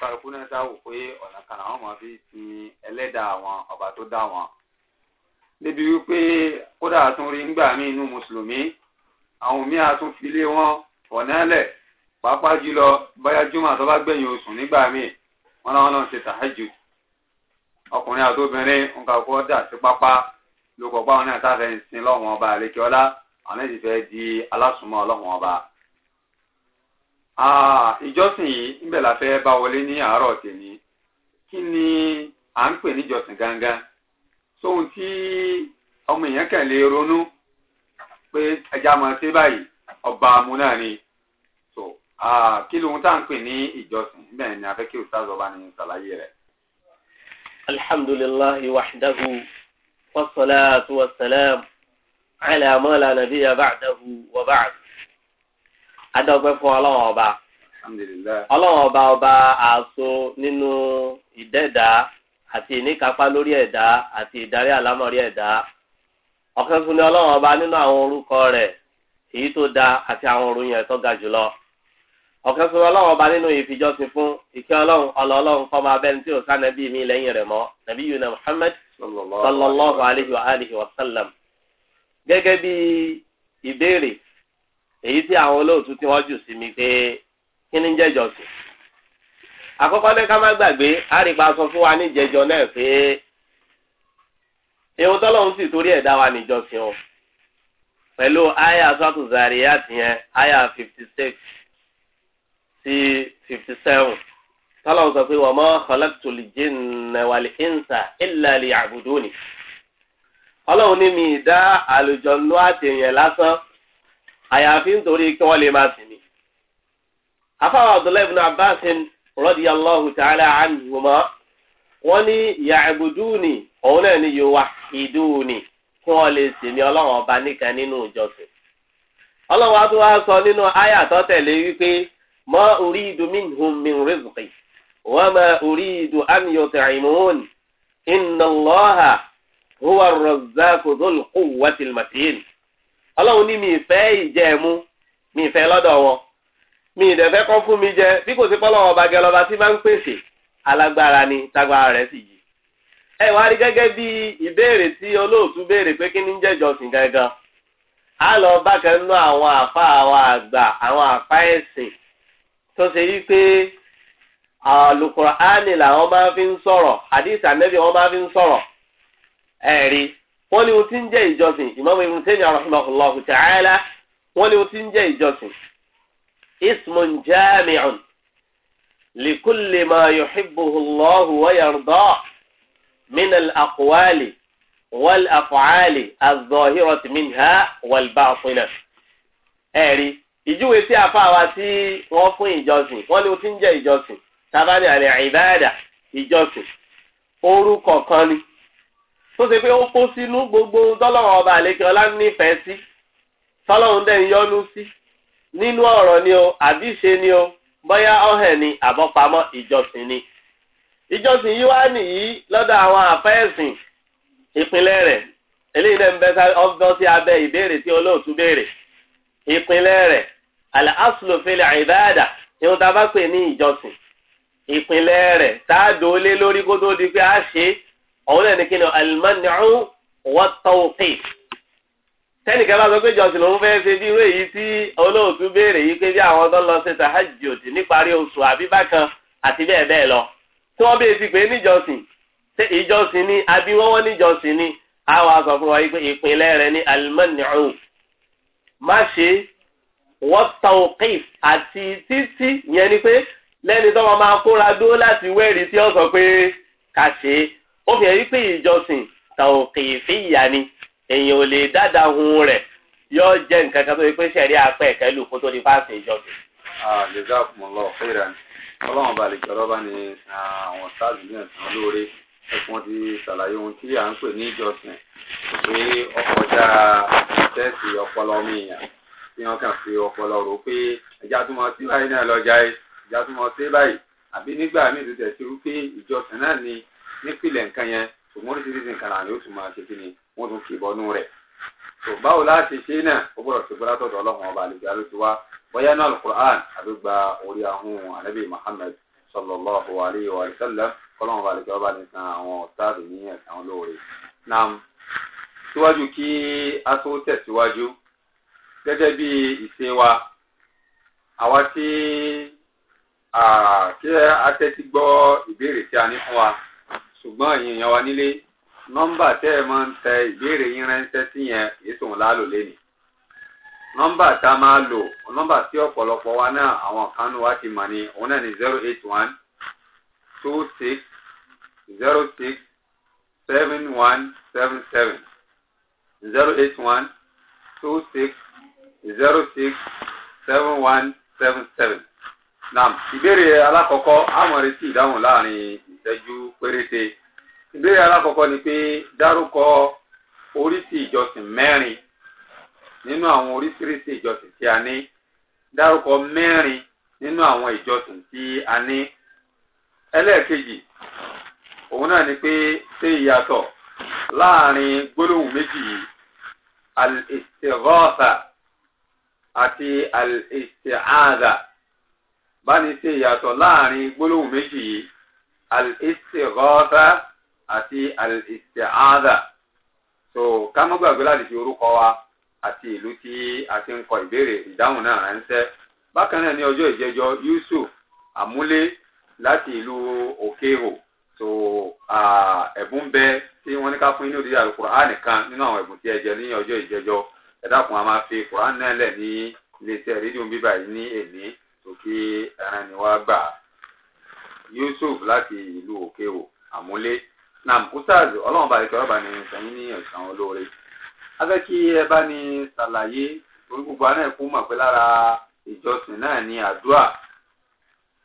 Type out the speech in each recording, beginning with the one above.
kálukú náà ṣáwò pé ọ̀nà kan làwọn máa fi ti ẹlẹ́dàá awọn ọba tó dá wọn. débi wípé kódà tún rí ńgbà mí inú mùsùlùmí àwọn míì àtún wọn ọ̀nà ẹlẹ̀ pàápàá jùlọ báyá júmọ̀ tó bá gbẹ̀yìn oṣù nígbà míì wọn làwọn náà ṣe ọkùnrin àtòbìnrin di alásùnmọ́ ọlọ́wọ́n ìjọsìn yìí níbẹ̀ la fẹ́ bá wọlé ní àárọ̀ tèmi kí ni à ń gangan sóhun tí ọmọ èèyàn kàn lè ronú pé ẹja ọba amú náà ni so kí lóhun tá à ń pè ní ìjọsìn níbẹ̀ ni a fẹ́ kí ustaz ọba ní ṣàlàyé rẹ̀. alhamdulillahi wahdahu wasalaatu wasalaam ala ma la nabiya ba'dahu wa ba'd. adọ́gbẹ́ fún ọlọ́wọ́n ọba ọlọ́wọ́n ọba ọba àṣọ nínú ìdẹ́ẹ̀dá àti ìníkápá lórí ẹ̀dá àti ìdarí àlámọ̀rí ẹ̀dá ọ̀kan fún ọba nínú àwọn orúkọ rẹ̀ èyí tó da àti àwọn yẹn tó ga jùlọ ọba nínú ìfijọ́sìn fún ìkẹ́ ọlọ́run kọ́ máa lẹ́yìn rẹ̀ mọ́ nàbí yuna sallallahu èyí tí àwọn olóòtú tí wọ́n jù sí mi pé kí ni jẹ́jọ́ sí. àkọ́kọ́ ní ká má gbàgbé àrípa sọ fún wa ní jẹjọ náà pé ìhun tọ́lọ́hún sì torí ẹ̀ wa pẹ̀lú aya sọ́tù Zariyat yẹn aya fifty six sí fifty seven tọ́lọ́hún sọ pé ọlọ́run ní mi dá àlùjọ nù lásán. àyàfi nítorí kí wọ́n lè máa sinmi. afáwọn abdullahi ibn abbas radiyallahu ta'ala anhuma wọ́n ní ya'buduni òun náà ní yuwahhiduni kí wọ́n lè sinmi ọlọ́run ọba nìkan nínú ìjọsìn. ọlọ́run wa tún wá sọ nínú àyà tó tẹ̀lé wípé ma uridu minhum min rizqi wa ma uridu an yut'imun inna allaha huwa ar-razzaqu matin ọlọ́run ní mi ìfẹ́ ìjẹ́ mu mi ìfẹ́ lọ́dọ̀ wọn mi ìdẹ̀fẹ́ kọ́ fún mi jẹ bí kò sí pọ́lọ́wọ́ ọba gẹ lọ́ba tí máa ń pèsè alágbára ni tágbára rẹ̀ sì yí. ẹ wá rí gẹ́gẹ́ bí ìbéèrè tí olóòtú béèrè pé kí ni ń jẹ́jọsìn gangan á lọ bákan nínú àwọn àfa àwọn àgbà àwọn àfa ẹ̀sìn tó ṣe yí pé àlùkùránì làwọn máa fi ń sọ̀rọ̀ àdìsí ànẹ́bí wọn máa fi ń sọ̀rọ̀ ẹ̀rí wọ́n ní o ti ń jẹ́ ìjọsìn ìmáàmù Ibn Taymiyyah rahimahullahu ta'ala wọ́n ní o ti ń jẹ́ ìjọsìn ismun jami'un likulli ma yuhibbuhu Allahu wa yarda min wal af'ali az minha wal batina. ẹ̀rí ìjúwe tí a fà wá tí wọ́n fún ìjọsìn wọ́n ní o ti ń jẹ́ ìjọsìn tábàní àlẹ́ ìbáàdà ìjọsìn orúkọ kan ni. tó ṣe pé ó kó gbogbo ọba àlejò nífẹ̀ẹ́ sí tọ́lọ́run dẹ̀ ń sí nínú ọ̀rọ̀ ni o ṣe ni o bóyá ọ̀hẹ̀ ni àbọ̀pamọ́ ìjọsìn ni ìjọsìn yìí wá nìyí lọ́dọ̀ àwọn àfẹ́ẹ̀sìn ìpínlẹ̀ rẹ̀ eléyìí náà ń bẹ ọgbọ́n sí ìbéèrè tí olóòtú béèrè ìpínlẹ̀ rẹ̀ àlẹ́ asùlùfẹ́lẹ̀ àìbáàdà a bá pè ní ìjọsìn ìpínlẹ̀ rẹ̀ lórí di pé òun náà ní kí ni alimaniu wọ́tọ̀ọ̀tì sẹ́ni kẹ́ bá sọ pé jọ̀sìn lòun fẹ́ ṣe bí irú èyí tí olóòtú béèrè yìí pé bí àwọn tó lọ ṣe tahajjud níparí oṣù àbí bákan àti bẹ́ẹ̀ bẹ́ẹ̀ lọ tí wọ́n bèè ti pè é níjọsìn ṣé ìjọsìn ni àbí wọ́n wọ́n níjọsìn ni àwọn aṣọ fún wa yìí pé ìpínlẹ̀ rẹ ní alimaniu má ṣe wọ́tọ̀ọ̀kìf àti títí yẹn ni pé lẹ́ni tó ó fi hàn wípé ìjọsìn tàwùkìfì ìyá ni èèyàn ò lè dáadáa hun rẹ̀ yóò jẹ́ nǹkan kan tó yẹ pé sẹ̀rí apẹ́ ẹ̀kẹ́ lù kó tó di fáṣẹ̀ ìjọsìn. àlejò àkùnmọ̀lọ́ fẹ́ẹ̀rẹ̀ ni ọlọ́run bá lè jọ̀rọ̀ bá ní àwọn sáàlù náà tán lóore ẹ̀kún ti ṣàlàyé ohun tí à ń pè ní ìjọsìn pé ọkọjá tẹ́sì ọpọlọ ọmọ èèyàn tí wọ́n kàn fi ọpọlọ rò pé ẹja tó mọ sí báyìí náà lọ́jà ẹja tó mọ sí báyìí àbí nígbà míì tó tẹ̀sí wípé ìjọsìn náà ni nípìnlẹ̀ nǹkan yẹn ṣùgbọ́n oríṣiríṣi nǹkan náà ni ó tún máa ṣe kí ni wọ́n tún kì í bọ́nú rẹ̀ tó báwo láti ṣe náà ó gbọ́dọ̀ ṣe gbọ́dọ̀ tọ̀dọ̀ ọlọ́run ọba àlejò alójú wa bóyá náà alukur'an àbí gba orí ahun anabi muhammed sallallahu alayhi wa sallam kọ́lọ́run ọba àlejò ọba ní san àwọn ọ̀táàbì ní ẹ̀sán olóore. nam síwájú ki a tó tẹ̀síwájú gẹ́gẹ́ bí ìṣe wa àwa tí kí a tẹ́tí gbọ́ ìbéèrè tí a ní fún wa ṣùgbọ́n ẹ̀yin èèyàn wa nílé nọ́mbà tẹ́ ẹ máa ń tẹ ìbéèrè yín ránṣẹ́ sí yẹn ètò ńlá lò lẹ́nu nọ́mbà tá a máa lò nọ́mbà tí ọ̀pọ̀lọpọ̀ wa náà àwọn kan wa ti mọ̀ ni òun náà ni zero eight one two six zero six seven one seven seven zero eight one two six zero six seven one seven seven. Nam ìbéèrè alákọ̀ọ́kọ́ á mọ̀ retí ìdáhùn láàrin ìṣẹ́jú péréte ìbéèrè alákọ̀ọ́kọ́ ni pé dárúkọ oríṣi ìjọsìn mẹ́rin nínú àwọn oríṣiríṣi ìjọsìn tí a ní dárúkọ mẹ́rin nínú àwọn ìjọsìn tí a ní ẹlẹ́ẹ̀kejì òun náà ni pé ṣé ìyàtọ̀ láàrin gbólóhùn méjì yìí al-istighatha àti al-isti'adha bá ní ṣe ìyàtọ̀ láàrin gbólóhùn méjì yìí al-istighatha àti al-isti'adha so ká má gbàgbé láti fi orúkọ wa àti ìlú tí a ti ń kọ ìbéèrè ìdáhùn náà ránṣẹ́ bákan náà ní ọjọ́ ìjẹjọ Yusuf Àmúlé láti ìlú Òkèhò so ẹ̀bùn bẹ tí wọ́n ní ká fún inú ìdíje àlùkùránì nìkan nínú àwọn ẹ̀bùn tí ẹ jẹ ní ọjọ́ ìjẹjọ ẹ dákun a máa fi kùránì náà lẹ̀ ní iléeṣẹ́ rédíò bíbá yìí ní èní tó ẹran ni wá gbà á. Yusuf láti ìlú òkèwò àmúlé nam usaz ọlọ́run bá ìtọ́ ọba ní sẹ́yìn ní ẹ̀sán olóore a fẹ́ kí ẹ bá ní ṣàlàyé orí gbogbo àná ẹ̀kú mọ̀ pé lára ìjọsìn náà ní àdúrà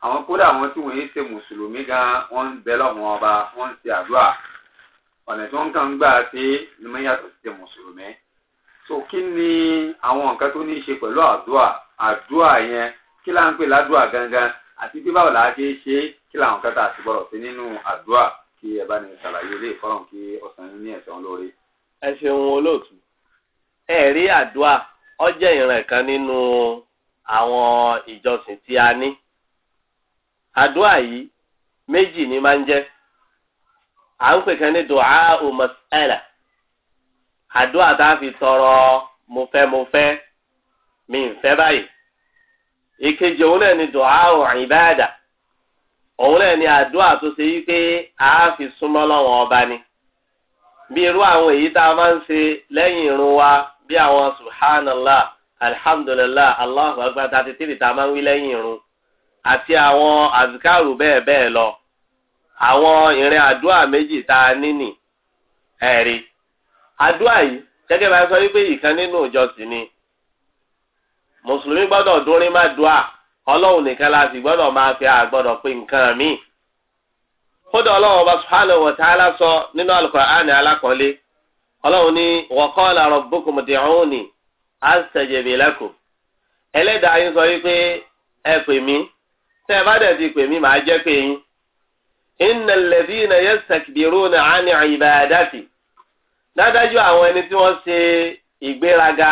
àwọn kódà àwọn tí wọ́n yé ṣe mùsùlùmí gan wọ́n ń bẹ lọ́wọ́n ọba wọ́n ń ṣe àdúrà ọ̀nà tí wọ́n kàn ń gbà pé ni mo yàtọ̀ sí mùsùlùmí so kí ni àwọn nǹkan tó ní í ṣe pẹ̀lú àdúrà àdúrà yẹn kí là ń gangan àti pé báwo làá ṣe é ṣe kí làwọn kẹta àti gbọ́dọ̀ sí nínú àdúrà kí ẹ bá ní ṣàlàyé ilé ìfọràn kí ọsàn yín ní ẹsẹun lóore. ẹ ṣeun olóòtú ẹ rí àdúrà ó jẹ́ kan nínú àwọn ìjọsìn tí a ní àdúrà yìí méjì ni máa ń jẹ́ à ń pè kan ní dùá òmọsẹlẹ àdúrà tá a fi tọrọ mo fẹ́ mo fẹ́ mi ń fẹ́ báyìí ìkejì òun náà ni dùá òrìn ìbáàdà òun náà ni àdúrà tó ṣe yí pé a fi súnmọ́ lọ́wọ́n ọba ni bí irú àwọn èyí tá a máa ń ṣe lẹ́yìn irun wa bí àwọn subhanallah alhamdulillah allahu akbar thirty three tá a máa ń wí lẹ́yìn irun àti àwọn azikaru bẹ́ẹ̀ bẹ́ẹ̀ lọ àwọn ìrìn àdúrà méjì tá a ní nì ẹ̀rí àdúrà yìí gẹ́gẹ́ bá a sọ wípé ìkan nínú ìjọsìn ni. mùsùlùmí gbọdọ dúnrín má dùá ọlọ́run nìkan la sì máa fi àgbọ́dọ̀ pé nǹkan mi. kódà ọlọ́run ọba subhanahu wa ta'ala sọ nínú al-Qur'ani alákọ̀ọ́lé ní wa qala rabbukum ud'uni astajib lakum. ẹlẹ́dàá yín sọ wípé ẹ pè mí ẹ bá dẹ̀ ti pè mí màá jẹ́ pé yín. dádájú àwọn ẹni tí wọ́n ṣe ìgbéraga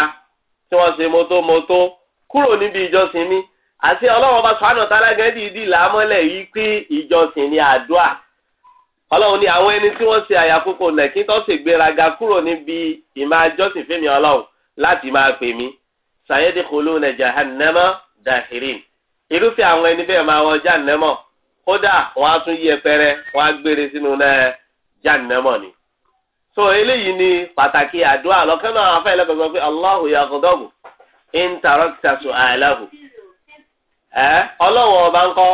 tí kúrò níbi ìjọsìn mi àti ọlọ́run ọba sọ́nà tálágẹ́ dìídì làámọ́lẹ̀ yìí pé ìjọsìn ni àdúà ọlọ́run ni àwọn ẹni tí wọ́n ṣe àyàkókò lẹ́kí tó ṣe gbéraga kúrò níbi ìmọ̀ àjọsìn fẹ́mi ọlọ́run láti máa pè mí sàyẹ́dì kòlóònà jahannama dahirin irúfẹ́ àwọn ẹni bẹ́ẹ̀ máa wọ jahannamọ̀ kódà wọ́n á tún yẹpẹrẹ wọ́n á gbére sínú náà jahannamọ̀ ni. so eléyìí ni pàtàkì àdúà lọ́kàn náà afẹ́ lẹ́kọ̀ọ́ pé Allahu yaghdab intarọ́kítà tó àìláhù. ẹ ọlọ́wọ́ ọba ń kọ́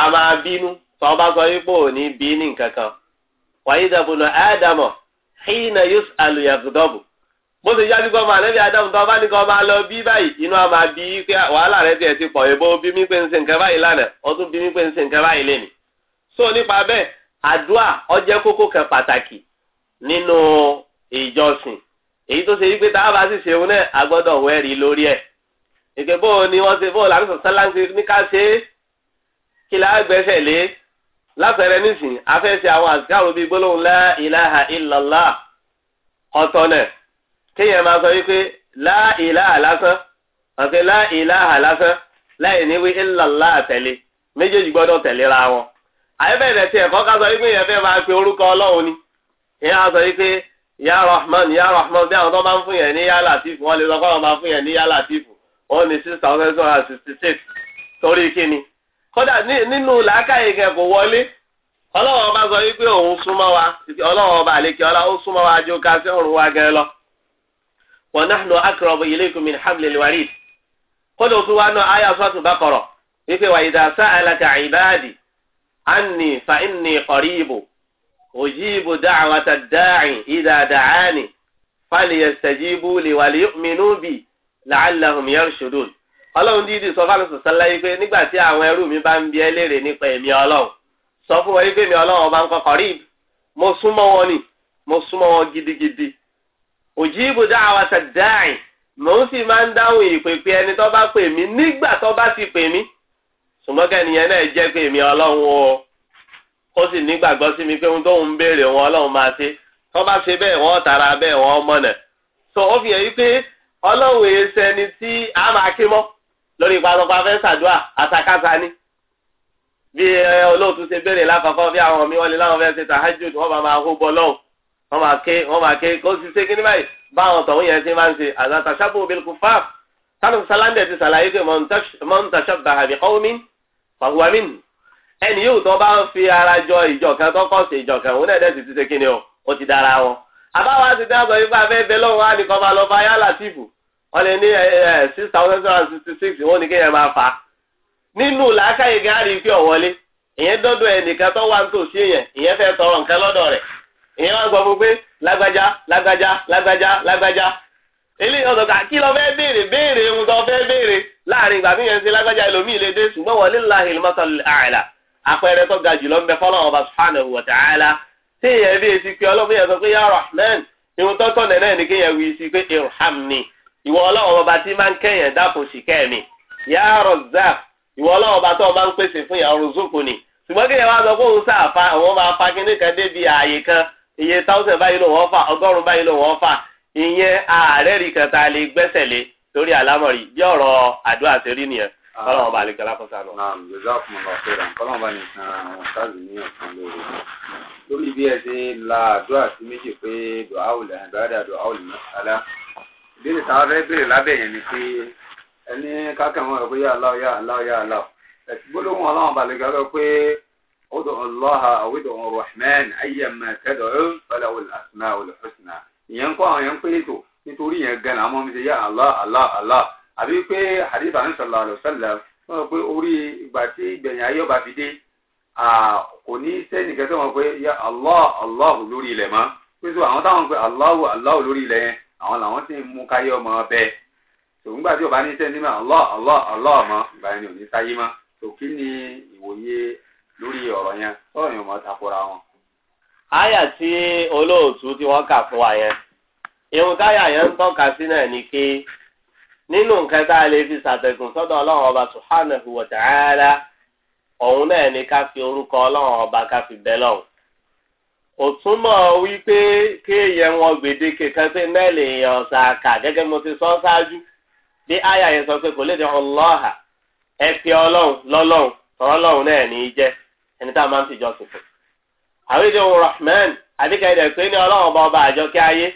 a máa bínú tó ọba sọ wípé ní bí ní nǹkan kan. wàyí dàbùnà ádámọ̀ na yóò àlùyàgùdọ́bù. bó ti yá nígbà máa lẹ́bi ádámù tó ọba nìkan máa lọ bí báyìí inú a mi pé báyìí lánàá mi pé báyìí lẹ́nu. so nípa bẹ́ẹ̀ pàtàkì nínú ìjọsìn èyí tó ṣe wípé táwọn bá sì ṣeun náà a gbọ́dọ̀ wẹ́rì lórí ẹ̀ ìgbẹ́ bó ni wọ́n ṣe bó làǹṣọ̀ sáláńṣe ní ká ṣe é kí la gbẹ́sẹ̀ lé látẹ̀rẹ̀ nísìnyí afẹ́ṣe àwọn àṣìkáàrò bíi gbólóhùn la ilaha illallah ọ̀tọ̀ náà kéèyàn máa sọ wípé la ilaha lásán àti la ilaha lásán láì níwí illallah àtẹ̀lé méjèèjì gbọ́dọ̀ tẹ̀léra wọn àyẹ̀bẹ̀rẹ̀ tiẹ̀ kọ́ ká sọ wípé yẹn fẹ́ máa pe orúkọ ọlọ́run ni ìyẹn á sọ wípé ya rahman ya rahman bí àwọn tó ń fún yẹn ya latifu wọn lè sọ fọlọ́ máa fún yẹn ya latifu wọn ní six thousand two hundred sixty six torí kíni kódà nínú làákàyè kẹ kò wọlé ọlọ́wọ́n ọba sọ wípé òun súnmọ́ wa ọlọ́wọ́n ọba àlekè ọlá ó súnmọ́ wa jó ká sí wa lọ. wa kódà òtún wa أجيب دعوة الداعي إذا دعاني فليستجيبوا لي وليؤمنوا بي لعلهم يرشدون ọlọ́run dídì sọ fáwọn sọ sọlá yìí pé nígbà tí àwọn ẹrú mi bá ń bi ẹlẹ́rìí nípa ẹ̀mí ọlọ́run sọ fún wọn yìí pé mi ọlọ́run ọba ń kọkọ rí mo súnmọ́ wọn ni mo súnmọ́ wọn gidigidi òjìbù dáhàwá sàdáì mò ń sì máa ń dáhùn ìpèpè ẹni tó bá pè mí nígbà tó bá sì pè mí ṣùgbọ́n kẹ́niyẹn náà jẹ́ pé mi ọlọ́run o kó sì nígbàgbọ́ sí mi pé ohun tóun ń béèrè wọn ọlọ́run máa ṣe tó bá ṣe bẹ́ẹ̀ wọ́n tara bẹ́ẹ̀ wọ́n mọ̀nà tó ó fi hàn yí pé ọlọ́run èé sẹni tí a máa ké mọ́ lórí ìpàtọ́pá fẹ́ ṣàdúrà àtàkàtà ni bí olóòtú ṣe béèrè láfàfọ́ bí àwọn mi wọ́n lè láwọn fẹ́ ṣe tàhájú wọ́n máa máa hó bọ́ lọ́hùn wọ́n máa ké wọ́n máa ké kó sì ṣe kí ní báyìí báwọn tọ̀hún yẹn ṣe máa ń ṣe àtàṣàbò obìnrin kò fáà ti ṣàlàyé pé mọ̀ntàṣàbà àbí kọ́wọ́mí fàwọ́mí ẹni yóò tó bá ń fi ara jọ ìjọkan tó kọ̀ sí ìjọkan òun náà dẹ̀ sì ti ṣe kíni o ó ti dára wọn. àbáwá ti dá sọ yípa fẹ́ bẹ lọ́wọ́ á nìkan máa lọ fa yálà tìfù wọ́n lè ní six thousand seven hundred sixty six wọ́n ní kéèyàn máa fa. nínú làákàyè gáàrí pé ọ̀wọ́lé ìyẹn dọ́dọ̀ ẹnìkan tó wà nítòsí èèyàn ìyẹn fẹ́ tọrọ nǹkan lọ́dọ̀ rẹ̀ ìyẹn wá gbọ́ fún pé lágbájá lágbájá lágbájá lágbájá eléyìí ọ̀dọ̀ ká kí lọ fẹ́ béèrè béèrè ohun tó fẹ́ béèrè láàrin ìgbà míyẹn ṣe lágbájá ẹlòmíì lè dé ṣùgbọ́n wọlé ńlá hìlmọ́tò àìlà àpẹẹrẹ tó ga jùlọ ń bẹ fọlọ́wọ́ bá subhanahu wa ta'ala tí ìyẹn bí etí pé ọlọ́run yẹn sọ pé ya rahman ìhun tó tọ̀nà náà ni kéèyàn wí sí pé irhamni ìwọ ọlọ́run ọba tí máa ń kẹ́yàn dákun sí kẹ́mi ya razzaq ìwọ ọlọ́run ọba tó máa ń pèsè fún yàrá rúzùkù ni ṣùgbọ́n kéèyàn wá sọ pé òun sáàfà àwọn máa fa kíní kan débi ààyè kan iye táwùsàn báyìí ló wọ́n fà ọgọ́rùn báyìí ló wọ́n fà ìyẹn ààrẹ rí lè gbẹ́sẹ̀ lé torí àlámọ̀rí bí ọ̀rọ̀ àdúrà ṣe rí nìyẹn kọ́lọ́mù bá àlejò alákọ̀ọ́sá lọ. naam jọjọ àfọmọ lọ fẹ́ràn kọ́lọ́mù bá nìkan àwọn sáàlù ní ọ̀sán lórí lórí bí ẹ ṣe la àdúrà sí méjì pé dùhà òlẹ̀ àbáradà dùhà òlẹ̀ mọ́sálá ìbéèrè táwọn fẹ́ béèrè lábẹ́ yẹn ni pé ẹni kákẹ́wọ́n rẹ̀ pé yà láwọ̀ yà láwọ̀ yà láwọ̀ ẹ̀sìn gbólóhùn ọlọ́run balẹ̀gà lọ pé ọdọ̀ ọlọ́ha ọ̀wẹ́dọ̀ ọ̀rọ̀hmẹ́n ayẹ̀mẹ̀ tẹ́dọ̀ ẹ̀ fẹ́lẹ̀ olùhàsínà olùhàsínà ìyẹn ń kọ́ àwọn yẹn ń pé ètò nítorí yẹn gan-an àwọn mi ṣe yà Allah Allah Allah àbí pé hadith àmì sọ̀lá àlùsọ̀lá wọ́n sọ pé orí ìgbà tí ìgbẹ̀yìn ayé ọba fi dé kò ní sẹ́nìkẹ́ sọ wọn pé ya allah allah lórí ilẹ̀ mọ́ pé sọ àwọn táwọn pé allah allah lórí ilẹ̀ yẹn àwọn làwọn sì ń mú káyé ọmọ bẹ́ẹ̀ tòun gbà tí ọba ní sẹ́ni mọ́ allah allah allah mọ́ ìgbà yẹn ni ò ní sáyé mọ́ tò kí ni ìwòye lórí ọ̀rọ̀ yẹn sọ̀rọ̀ yẹn mọ́ takora wọn. àyà tí olóòtú tí wọ́n kà fún wa yẹn irun táyà yẹn ń tọ́ka sí náà ni pé. nínú nǹkan tá a lè fi ṣàtẹ̀gùn ọba subhanahu wa ta'ala òun náà ni ká fi orúkọ ọlọ́run ọba ká fi bẹ́ lọ́hùn. òtúmọ̀ wípé kéèyàn wọn gbèdéke kan sí mẹ́lì èèyàn gẹ́gẹ́ mo ti sọ ṣáájú bí àyà yẹn sọ pé kò lè dé ọlọ́hà ẹ fi tọ́rọ́ náà ọba ọba àjọkẹ́ ayé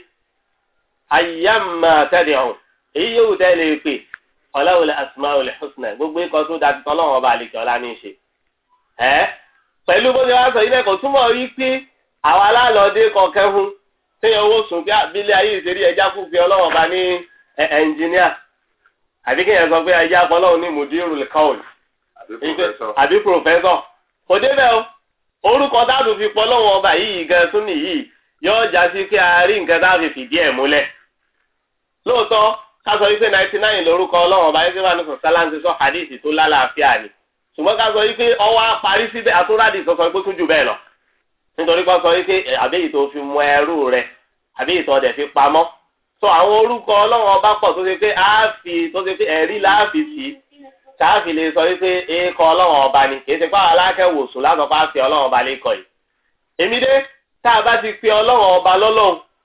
ayé ọ̀hún èyí yóò dẹ́ lè pè ọlọ́wọ́lẹ̀ asmaul gbogbo ikọ̀ tó ọba àlejò ọ̀la ní í ṣe. pẹ̀lú bó ṣe wá sọ ilé kò túmọ̀ rí pé alálọ́dé kọ̀ọ̀kẹ́ fún téèyàn owó sùn ah, bí abílẹ̀ ayé ìṣeré ẹja kú fi ọlọ́wọ́ ọba ní ẹnjìníà àbí kéèyàn sọ pé ẹja ní mudirul kaul àbí ká sọ wípé ninety nine lórúkọ ọlọ́run ọba yẹ́sẹ̀ fanu sọ̀sálàǹsì sọ hadith tó lálàáfíà ni ṣùgbọ́n ká sọ wípé ọwọ́ parí síbẹ̀ àtúrádì sọ sọ pé tún jù bẹ́ẹ̀ lọ nítorí pé sọ wípé àbẹ́yì tó fi mọ ẹrú rẹ àbẹ́yì tó dẹ̀ fi pamọ́ sọ àwọn orúkọ ọlọ́run ọba pọ̀ tó ṣe pé àáfi tó ṣe pé ẹ̀rí láàfi sí káàfi lè sọ wípé èèkọ ọlọ́run ọba ni kì í ṣe pé àwọn alákẹ́wòsùn lásọpá fi ọlọ́run ọba lè kọ yìí èmi dé tá a bá ti pe ọlọ́run ọba lọ́lọ́run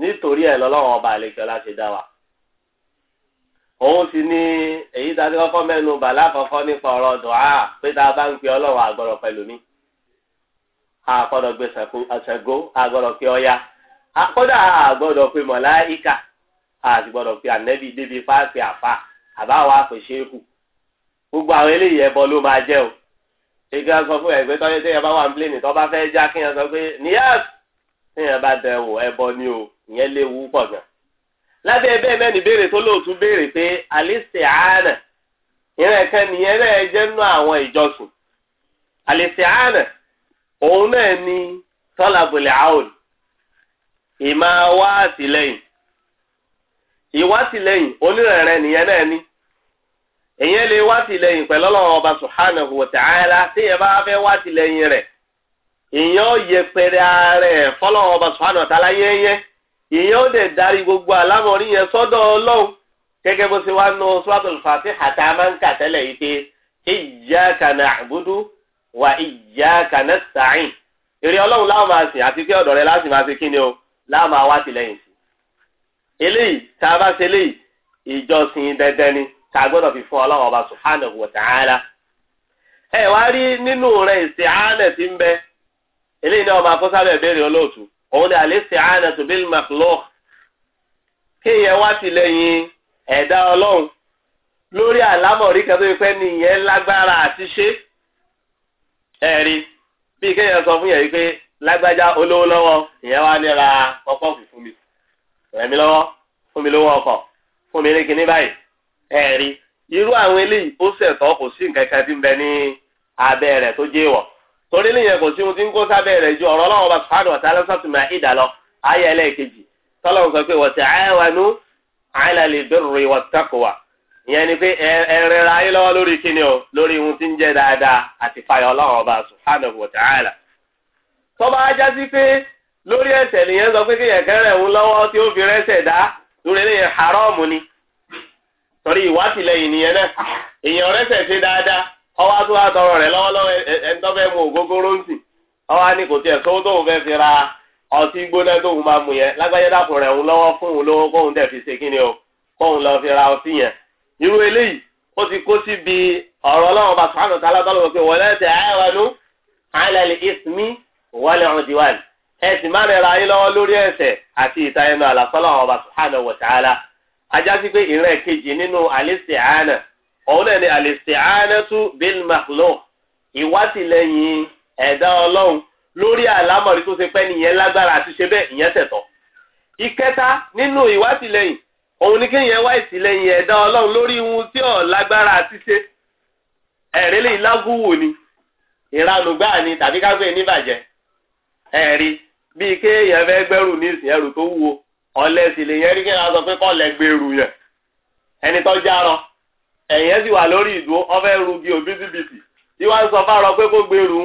nítorí ẹ̀ lọ́lọ́wọ́ ọba àlejò láti dá wa. òun sì ní èyí tá a ti kọ́kọ́ mẹ́nu bà lákọ̀ọ́kọ́ nípa ọ̀rọ̀ dùá pé tá a bá ń pe ọlọ́run àgbọ̀rọ̀ pẹ̀lú mi. a gbọ́dọ̀ gbé ṣẹ̀gó a gbọ́dọ̀ ọya a kódà a gbọ́dọ̀ pe mọ̀láìkà gbọ́dọ̀ pe ànẹ́bí débi fáàpì àfà àbáwọ̀ àpè ṣéèkù. gbogbo àwọn eléyìí ẹbọ ló máa jẹ́ o. ìgbà sọ fún ẹgbẹ́ ìyẹn léwu pọ̀ gan. lábẹ́ bẹ́ẹ̀ mẹ́ni béèrè tó lóòtú béèrè pé al-isti'ana ìrìn kan nìyẹn náà jẹ́ nínú àwọn ìjọsìn al-isti'ana òun náà ni talabul aun ìmọ̀ wá àtìlẹ́yìn ìwátìlẹ́yìn onírẹ̀rẹ̀ nìyẹn náà ni èyàn lè wátìlẹ́yìn pẹ̀lú Ọlọ́run ọba subhanahu wa ta'ala tí bá fẹ́ rẹ̀ ọba ìyẹn ó dẹ̀ darí gbogbo àlámọ̀rí yẹn sọ́dọ̀ ọlọ́run gẹ́gẹ́ bó ṣe wá nù tẹ́lẹ̀ yìí pé wa iyyaka nasta'in èrè ọlọ́run láwọn máa sìn àti pé ọ̀dọ̀ rẹ láti máa ṣe kí ni o láwọn máa wá tìlẹ́yìn sí. eléyìí tá a bá ṣe a gbọ́dọ̀ fi fún ọlọ́run ọba wa ẹ wá rí nínú rẹ ìsìn àánẹ̀ ń bẹ eléyìí náà máa òun ni al-isti'anatu bil kí kéèyàn wá tìlẹ́yìn ẹ̀dá ọlọ́run lórí àlámọ̀rí kan tó fi pẹ́ nìyẹn lágbára àti ṣe ẹ̀rí bí kéèyàn sọ fún yẹn wípé lágbájá olówó lọ́wọ́ ìyẹn wá ọkọ̀ fún mi rẹ̀mí lọ́wọ́ fún mi lówó ọkọ̀ fún mi ní kinní báyìí ẹ̀rí irú àwọn eléyìí ó kò sí nǹkan kan tí ń bẹ ní abẹ́ rẹ̀ tó jẹ́ torí nìyẹn kò sí ohun tí ń kó sábẹ́ rẹ̀ ju ọ̀rọ̀ ọlọ́run bá sùpánù ọ̀tá lọ́sọ̀tún máa lọ ayé ẹlẹ́ẹ̀kejì tọ́lọ́run sọ pé wọ́n ti àyẹ̀wánú àìlàlè bẹ̀rù ìwà tàkùwà ìyẹn ni pé ẹ̀rẹ̀ ra ayé lọ́wọ́ lórí kíni o lórí ohun tí ń jẹ́ dáadáa àti fàyọ̀ bá sùpánù sí pé lórí ẹsẹ̀ nìyẹn sọ pé kẹ́rẹ̀ ọwọ́ tó wá rẹ rẹ̀ lọ́wọ́lọ́wọ́ ẹ̀ńtọ́fẹ́ mu ògógóró ń sìn ọwọ́ á ní fi ra ọtí gbóná tóun máa mu yẹn lágbájá dàpọ̀ ń lọ́wọ́ fún un lówó kóun dẹ̀ fi ṣe ni o kóun lọ fi ra ọtí yẹn ti kó síbi ọ̀rọ̀ bá pé wọlé wọlé má yín lọ́wọ́ lórí ọba ajá sí pé òun náà ni al bill bil makhluq ìwátìlẹ́yìn ẹ̀dá ọlọ́run lórí àlámọ̀rí tó ṣe pẹ́ nìyẹn lágbára àti ṣe bẹ́ẹ̀ ìyẹn tẹ̀tọ́. ìkẹta nínú ìwátìlẹ́yìn òun ni kéèyàn wá ìtìlẹ́yìn ẹ̀dá ọlọ́run lórí ohun tí ò lágbára àti ṣe ẹ̀rí lè lágùwò ni ìranù gbáà ni tàbí ká pè ní ẹ̀rí bíi kéèyàn fẹ́ gbẹ́rù ní ìsìn tó wúwo ọ̀lẹ́sì lè yẹn rí kéèyàn sọ pé kọ́ lẹ yẹn ẹni tó ẹ̀yìn sì wà lórí ìdúró ọfẹ́ rugi òbí síbìtì ìwà sọ fáwọn pé kó gbèrú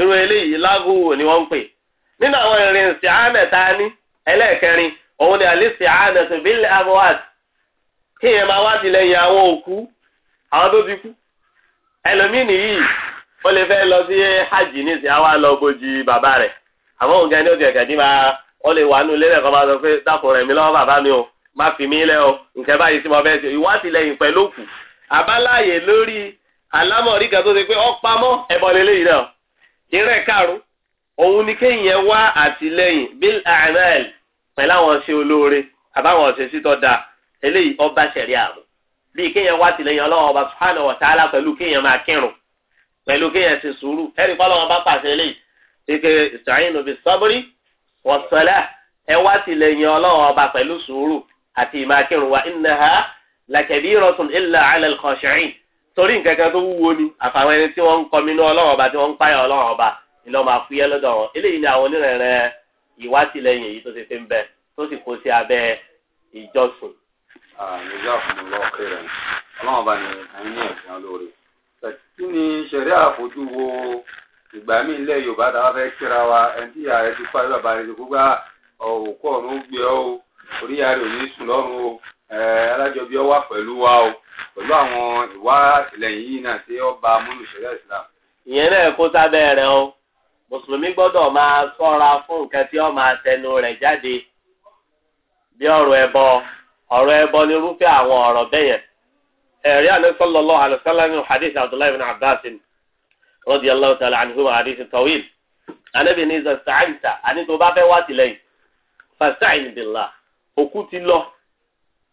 irun eléyìí lágùwò ni wọ́n ń pè nínú àwọn ìrìn ìsìáàmẹ̀ tá a ní ẹlẹ́ẹ̀kẹrin òun ni àlẹ́ ìsìáàmẹ̀ tó kí yẹn máa wá àwọn òkú àwọn tó ti kú ẹlòmíì nìyí lè hajj ní ìsìn àwa lọ bójì bàbá àmọ́ òun ó ti ẹ̀kẹ́ ó lè wà nù lélẹ̀ máa sọ pé mi lọ́wọ́ o má fi mí lẹ́ o báyìí mo fẹ́ àbáláyè lórí àlámọ̀rí kan tó ṣe pé ọ̀pamọ́ ẹ̀bọ̀lẹ̀ lẹ́yìn náà ìrẹ́ karùn òun ni kéèyàn wá àtìlẹ́yìn bill anel pẹ̀lú àwọn ṣe olóore àbáwọn ọ̀sẹ̀ sítọ́ da eléyìí ọba ṣẹ̀rí àrùn bíi kéèyàn wá àtìlẹ́yìn ọlọ́wọ́n ọba subhanahu wa ta'ala pẹ̀lú kéèyàn máa kírun pẹ̀lú kéèyàn ṣe sùúrù ẹ̀rí pọ́lọ́wọ́n bá pàṣẹ eléyìí ike ìsàyìn òbí sọ́bírì wọ́n ẹ wá àtìlẹ́yìn ọlọ́wọ́n ọba pẹ̀lú sùúrù àti ìmákírun wa innaha lakabiratun illa ala al-khashi'in torí nǹkan kan tó wúwo ni àfàwọn ẹni tí wọ́n ń kọminú ọlọ́run ọba tí wọ́n ń páyà ọlọ́run ọba ni lọ́ọ́ máa fúyẹ́ lọ́dọ̀ wọn eléyìí ni àwọn onírẹ̀rẹ̀ ìwátìlẹ́yìn èyí tó ti fi ń bẹ tó sì kó sí abẹ́ ìjọsìn. nígbà fún mi lọ́ọ́ kéré ni ọlọ́run ọba ni àyín ní ẹ̀sìn olóore kí ni ṣẹ̀rí àfojú wo ìgbà mí ilẹ̀ Yorùbá tá a fẹ́ kíra wa ẹni tí ààrẹ ti pàdé bàbá rẹ̀ gbogbo ah, òkú ọ̀run gbé ọ́ alájọ bí ọ wà pẹ̀lú wa o pẹ̀lú àwọn ìwà àtìlẹyìn yìí náà tí ó ba Islam. ìyẹn náà kó sábẹ́ rẹ̀ o mùsùlùmí gbọ́dọ̀ máa sọ́ra fún nǹkan tí ó máa tẹnu rẹ̀ jáde bí ọ̀rọ̀ ẹbọ ọ̀rọ̀ ẹbọ ni irúfẹ́ àwọn ọ̀rọ̀ bẹ́yẹn ẹ̀rí àlẹ́sọ̀lọ́lọ́ àlẹ́sọ̀lọ́nù hadith abdullahi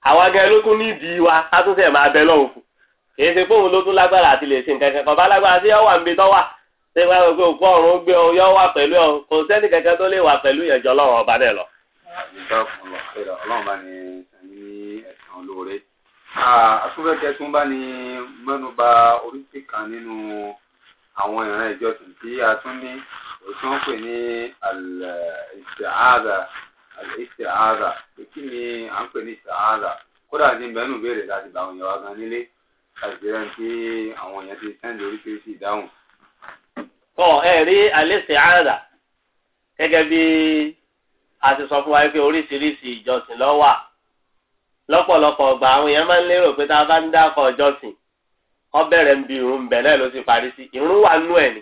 àwọn agẹ nídìí wa ká tún sẹ máa bẹ lọ́hùn fún kìí ṣe fóun ló tún lágbára àti lè ṣe nǹkan kan lágbára sí yọwà ń bi tọwà ṣé wàá gbé òkú ọrùn gbé ọ yọ wà pẹ̀lú ọ kò sẹ́ni kankan tó lè wà pẹ̀lú ìyànjọ Ọlọ́run ọba dẹ lọ. Ọlọ́run bá bá ní mẹ́nuba oríṣi kan nínú àwọn ìran ìjọsìn tí a tún ní òtún pè ní al-isti'aza al-isti'aza kí ni à ń pè ní sàárà kódà ní bẹ́ẹ̀ nù béèrè láti bá àwọn èèyàn wa gan nílé àti rẹ̀ tí àwọn èèyàn ti sẹ́ńdì oríṣiríṣi ìdáhùn. kọ́ ẹ rí alẹ́ sàárà gẹ́gẹ́ bí a ti sọ fún wa pé oríṣiríṣi ìjọsìn ló wà lọ́pọ̀lọpọ̀ ọgbà àwọn èèyàn máa ń lérò pé tá a bá ń dákọ̀ ọjọ́sìn ó bẹ̀rẹ̀ ń bi irun bẹ̀ náà ló ti parí sí irun wà nú ẹ̀ ni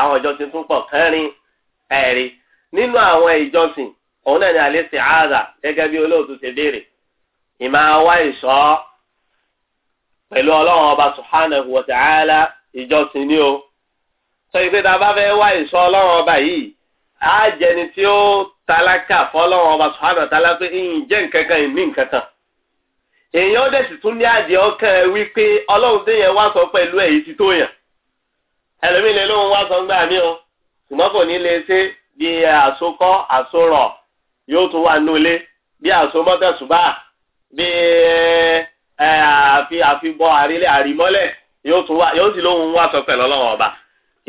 àwọn ìjọsìn tún pọ̀ kẹrin ẹ̀rí nínú àwọn ìjọsìn òun náà ni alẹ́ sì áàdà gẹ́gẹ́ bí olóòtú ṣe béèrè ìmọ̀ àwa ìṣọ́ pẹ̀lú ọlọ́run ọba subhanahu wa ìjọsìn ni o sọ ìpè tá a bá fẹ́ wá ìṣọ́ ọlọ́run ọba yìí á jẹni tí ó tálákà fọlọ́run ọba subhanahu wa pé ìyìn jẹ́ nkankan ìní nkankan èèyàn dẹ̀ sì tún ní àdìẹ ọkàn ẹ wípé ọlọ́run téèyàn wá sọ pẹ̀lú èyí ti tó yàn wá sọ ńgbà mí o ṣùgbọ́n kò ní lè ṣe bí yóò tún wà nínú ilé bí àsomọ́tẹ̀sùbà bí àfi àfibọ́ àrílẹ̀ àrímọ́lẹ̀ yóò tún wà yóò sì lóhun wá sọ pẹ̀lú ọlọ́wọ́n ọba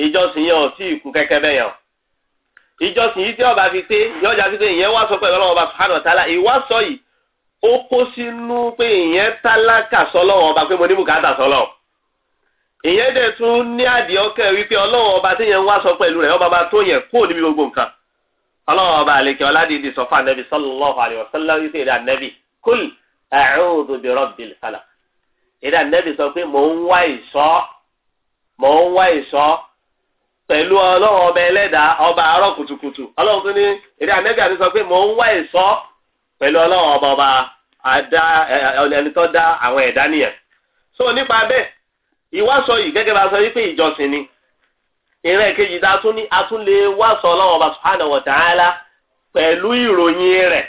ìjọsìn yẹn ò tí ì kú kẹ́kẹ́ bẹ́ẹ̀ yẹn o ìjọsìn yìí tí ọba fi pé yọjà fi pé ìyẹn wá sọ pẹ̀lú ọlọ́wọ́n ọba subhanahu wa ta'ala ìwásọ yìí ó kó sínú pé ìyẹn tálákà sọlọ́wọ́n ọba pé mo ní bùkátà sọlọ́ ìyẹn dẹ̀ tún ní àdìọ́kẹ́ wípé ọlọ́wọ́n ọba tí yẹn sọ pẹ̀lú rẹ̀ ọba máa tó yẹn kúrò níbi gbogbo nǹkan ọlọ́run ọba àlekè ọládìdí sọ anabi sallallahu alaihi wasallam yìí sèré anabi kúl a'udhu bi rabbil falaq èrè sọ pé mò ń wá ìṣọ́ mò ń wá ìṣọ́ pẹ̀lú ọba ẹlẹ́dà ọba àárọ̀ kùtùkùtù tó ní àti sọ pé ọba ọba ẹni tó dá àwọn ìrẹ́ kejì tá a tún lè wá sọ ọlọ́wọ́n ọba subhanahu wa ta'ala pẹ̀lú ìròyìn rẹ̀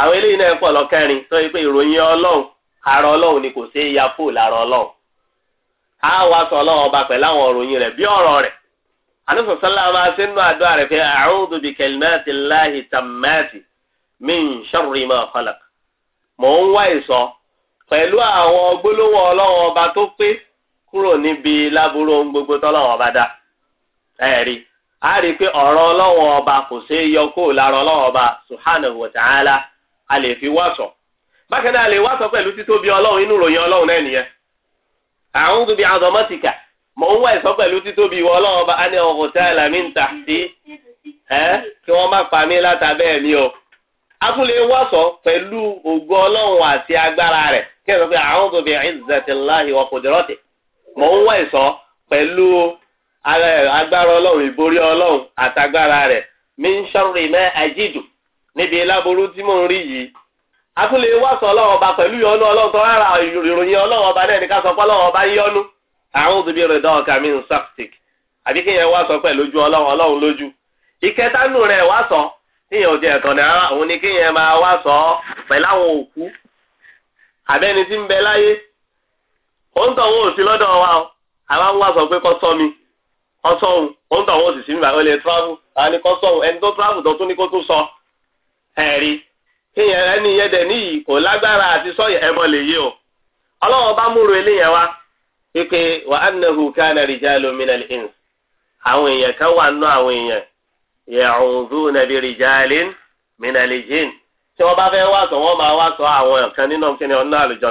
àwọn eléyìí náà pọ̀ lọ́kẹ́rin tó yẹ pé ìròyìn ọlọ́run ara ọlọ́run ni kò sí ya fóòlù lára ọlọ́run wá ọba pẹ̀lú àwọn ìròyìn rẹ̀ bí ọ̀rọ̀ rẹ̀ ṣe rẹ̀ min mò ń wá ìsọ pẹ̀lú àwọn ọba tó pé kúrò níbi lábúrò ohun gbogbo tọ́lọ́wọ́n ọba dá a rí i pé ọ̀rọ̀ ọlọ́wọ́n ọba kò ṣeé yọ kó lára ọlọ́wọ́n ọba subhanahu wa ta'ala a lè fi wàsọ̀ bákan náà a lè pẹ̀lú títóbi ọlọ́run inú ọlọ́run náà nìyẹn ń wá ìsọ́ pẹ̀lú títóbi ìwọ ọba ani wọ́n má mò ń wá ìsọ pẹ̀lú agbára ọlọ́run ìborí ọlọ́run àtagbára rẹ̀ mi ń àjíjù níbi ìlàbúrú tí mò rí yìí a tún lè wá sọ ọlọ́run ọba pẹ̀lú ìyọnu ọlọ́run tó rárá ìròyìn ọba náà ní ká ọba yọnu rẹ̀ dán ọkà mi ń sọ ọlọ́run ọlọ́run lójú ìkẹtánù rẹ̀ wá sọ ó ń lọ́dọ̀ wa o àwa ń sọ pé mi òun sí travel ni òun ẹni tó travel tó tún ní kó tún sọ ẹ̀rí kíyẹn ẹni yẹn dẹ̀ níyì kò lágbára àti sọ́yẹ̀ ẹbọ lè yé o ọlọ́wọ́ bá wa pípé wà á nàhù kánà rijalun minal àwọn èèyàn kan wà nù àwọn èèyàn tí wọ́n bá fẹ́ sọ wọ́n máa sọ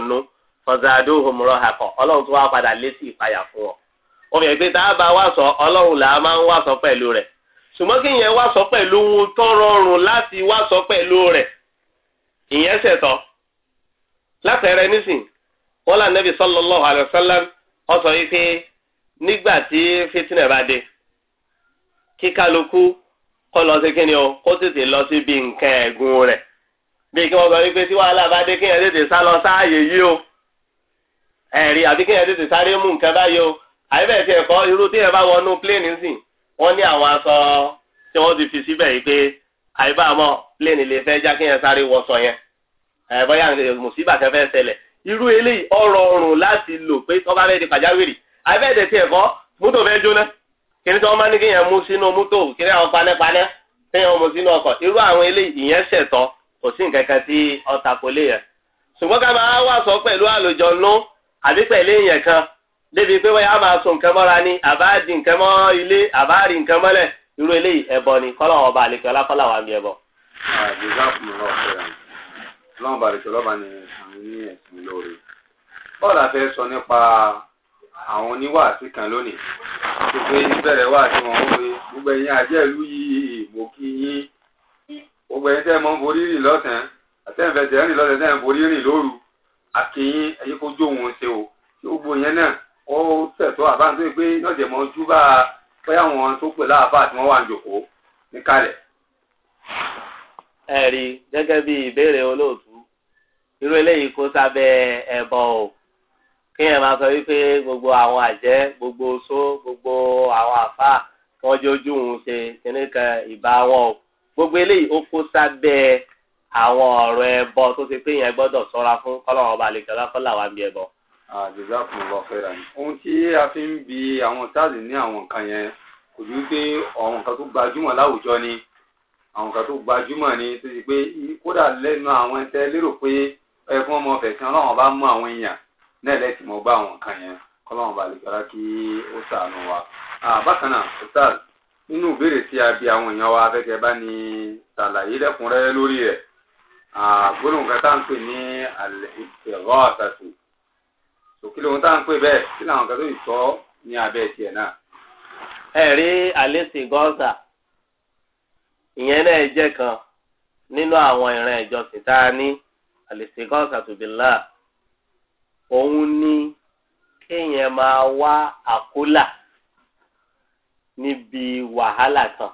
fọzàdó homorọ ha kọ tó wá padà létí ìpayà fún ọ ọmọ fi ẹgbẹ tá a bá wá sọ là á máa ń wá sọ pẹ̀lú rẹ̀ ṣùgbọ́n kí ìyẹn wá sọ pẹ̀lú ohun tó láti wá sọ pẹ̀lú rẹ̀ nígbà tí fitinẹ bá dé kíkálukú kọ sí kíni o kó tètè lọ sí bí nǹkan rẹ̀ bí kí sọ wàhálà bá dé ẹ̀rí àbí tètè sáré mú nǹkan báyìí o àbí kọ́ bá wọnú pléènì sìn wọ́n ní àwọn aṣọ tí wọ́n ti fi síbẹ̀ yìí pé àìbámọ̀ plénì lè fẹ́ já kéèyàn sáré wọṣọ yẹn àìbáyà mùsíbà kan fẹ́ ṣẹlẹ̀ irú eléyìí ọ̀rọ̀ ọ̀rùn láti lò pé tọ́ba fẹ́ di pàjáwìrì àbí bẹ́ẹ̀ tiẹ̀ fẹ́ jóná kíni tí wọ́n máa ní kéèyàn mú sínú àbí pẹ̀lú èèyàn kan débi pé wọ́n yà máa so nǹkan mọ́ra ní àbáàdì nǹkan mọ́ ilé àbáàrí nǹkan mọ́lẹ̀ irú eléyìí ẹ̀bọ ni kọ́lọ́wọ́n ọba àlekẹ́ ọlákọ́lá wà mí ẹ̀bọ. ọlọ́run bá àlekẹ́ ọlọ́ba ni àwọn ní ẹ̀sìn lóore bọ́ọ̀lù àfẹ́ sọ nípa àwọn oníwàásí kan lónìí gbogbo eyín bẹ̀rẹ̀ wà tí wọ́n ń pe gbogbo eyín àjẹ́lú yìí mo kí yín gbogbo àkéyín ẹ̀yìn kó jó òun ṣe o tí gbogbo yẹn náà ó tẹ̀tọ́ àbáńtó pé lọ́jẹ̀ mọ́ ojú bá bóyá àwọn tó pè láàbá tí wọ́n wà ń jòkó níkàlẹ̀. ẹ rí gẹ́gẹ́ bí ìbéèrè olóòtú irú eléyìí kó sábẹ́ ẹ̀bọ o kí ẹ máa sọ wípé gbogbo àwọn àjẹ́ gbogbo oṣó gbogbo àwọn àfà tí wọ́n jójú òun ṣe kíníkan ìbá wọn o gbogbo eléyìí ó kó sábẹ́ àwọn ọ̀rọ̀ ẹbọ tó ṣe pé yẹn gbọ́dọ̀ sọ́ra fún kọ́lọ́run ọba àlejò aláfọ́lá wa ń bí ẹbọ. àjọyọ̀ kò lọ fẹ́ra ni. ohun tí a fi ń bi àwọn táàlì ní àwọn nǹkan yẹn kò ju pé àwọn nǹkan tó gbajúmọ̀ láwùjọ ni àwọn nǹkan tó gbajúmọ̀ ni tó ṣe pé kódà lẹ́nu àwọn ẹsẹ̀ lérò pé ẹ fún ọmọ ọ̀fẹ́ kan ọlọ́run ọba mú àwọn èèyàn náà lẹ́sìn mọ́ bá àwọn nǹkan yẹn kọ́lọ́run ọba àlejò alá kí ó ṣàánú wa. Ah, bákan náà nínú ìbéèrè tí a bi àwọn èèyàn wa afẹ́kẹ́ bá ní ṣàlàyé lẹ́kùnrẹ́rẹ́ lórí rẹ̀ gbólóhùn kan tá à ń pè ní al-istighathatu òkè lóhun tá à ń pè bẹ́ẹ̀ kí làwọn kan tó yìí sọ ní abẹ́ tiẹ̀ náà. ẹ rí al-istighatha ìyẹn náà jẹ́ kan nínú àwọn ìran ìjọsìn tá a ní al-istighathatu billah òun ni kéèyàn máa wá àkólà níbi wàhálà kan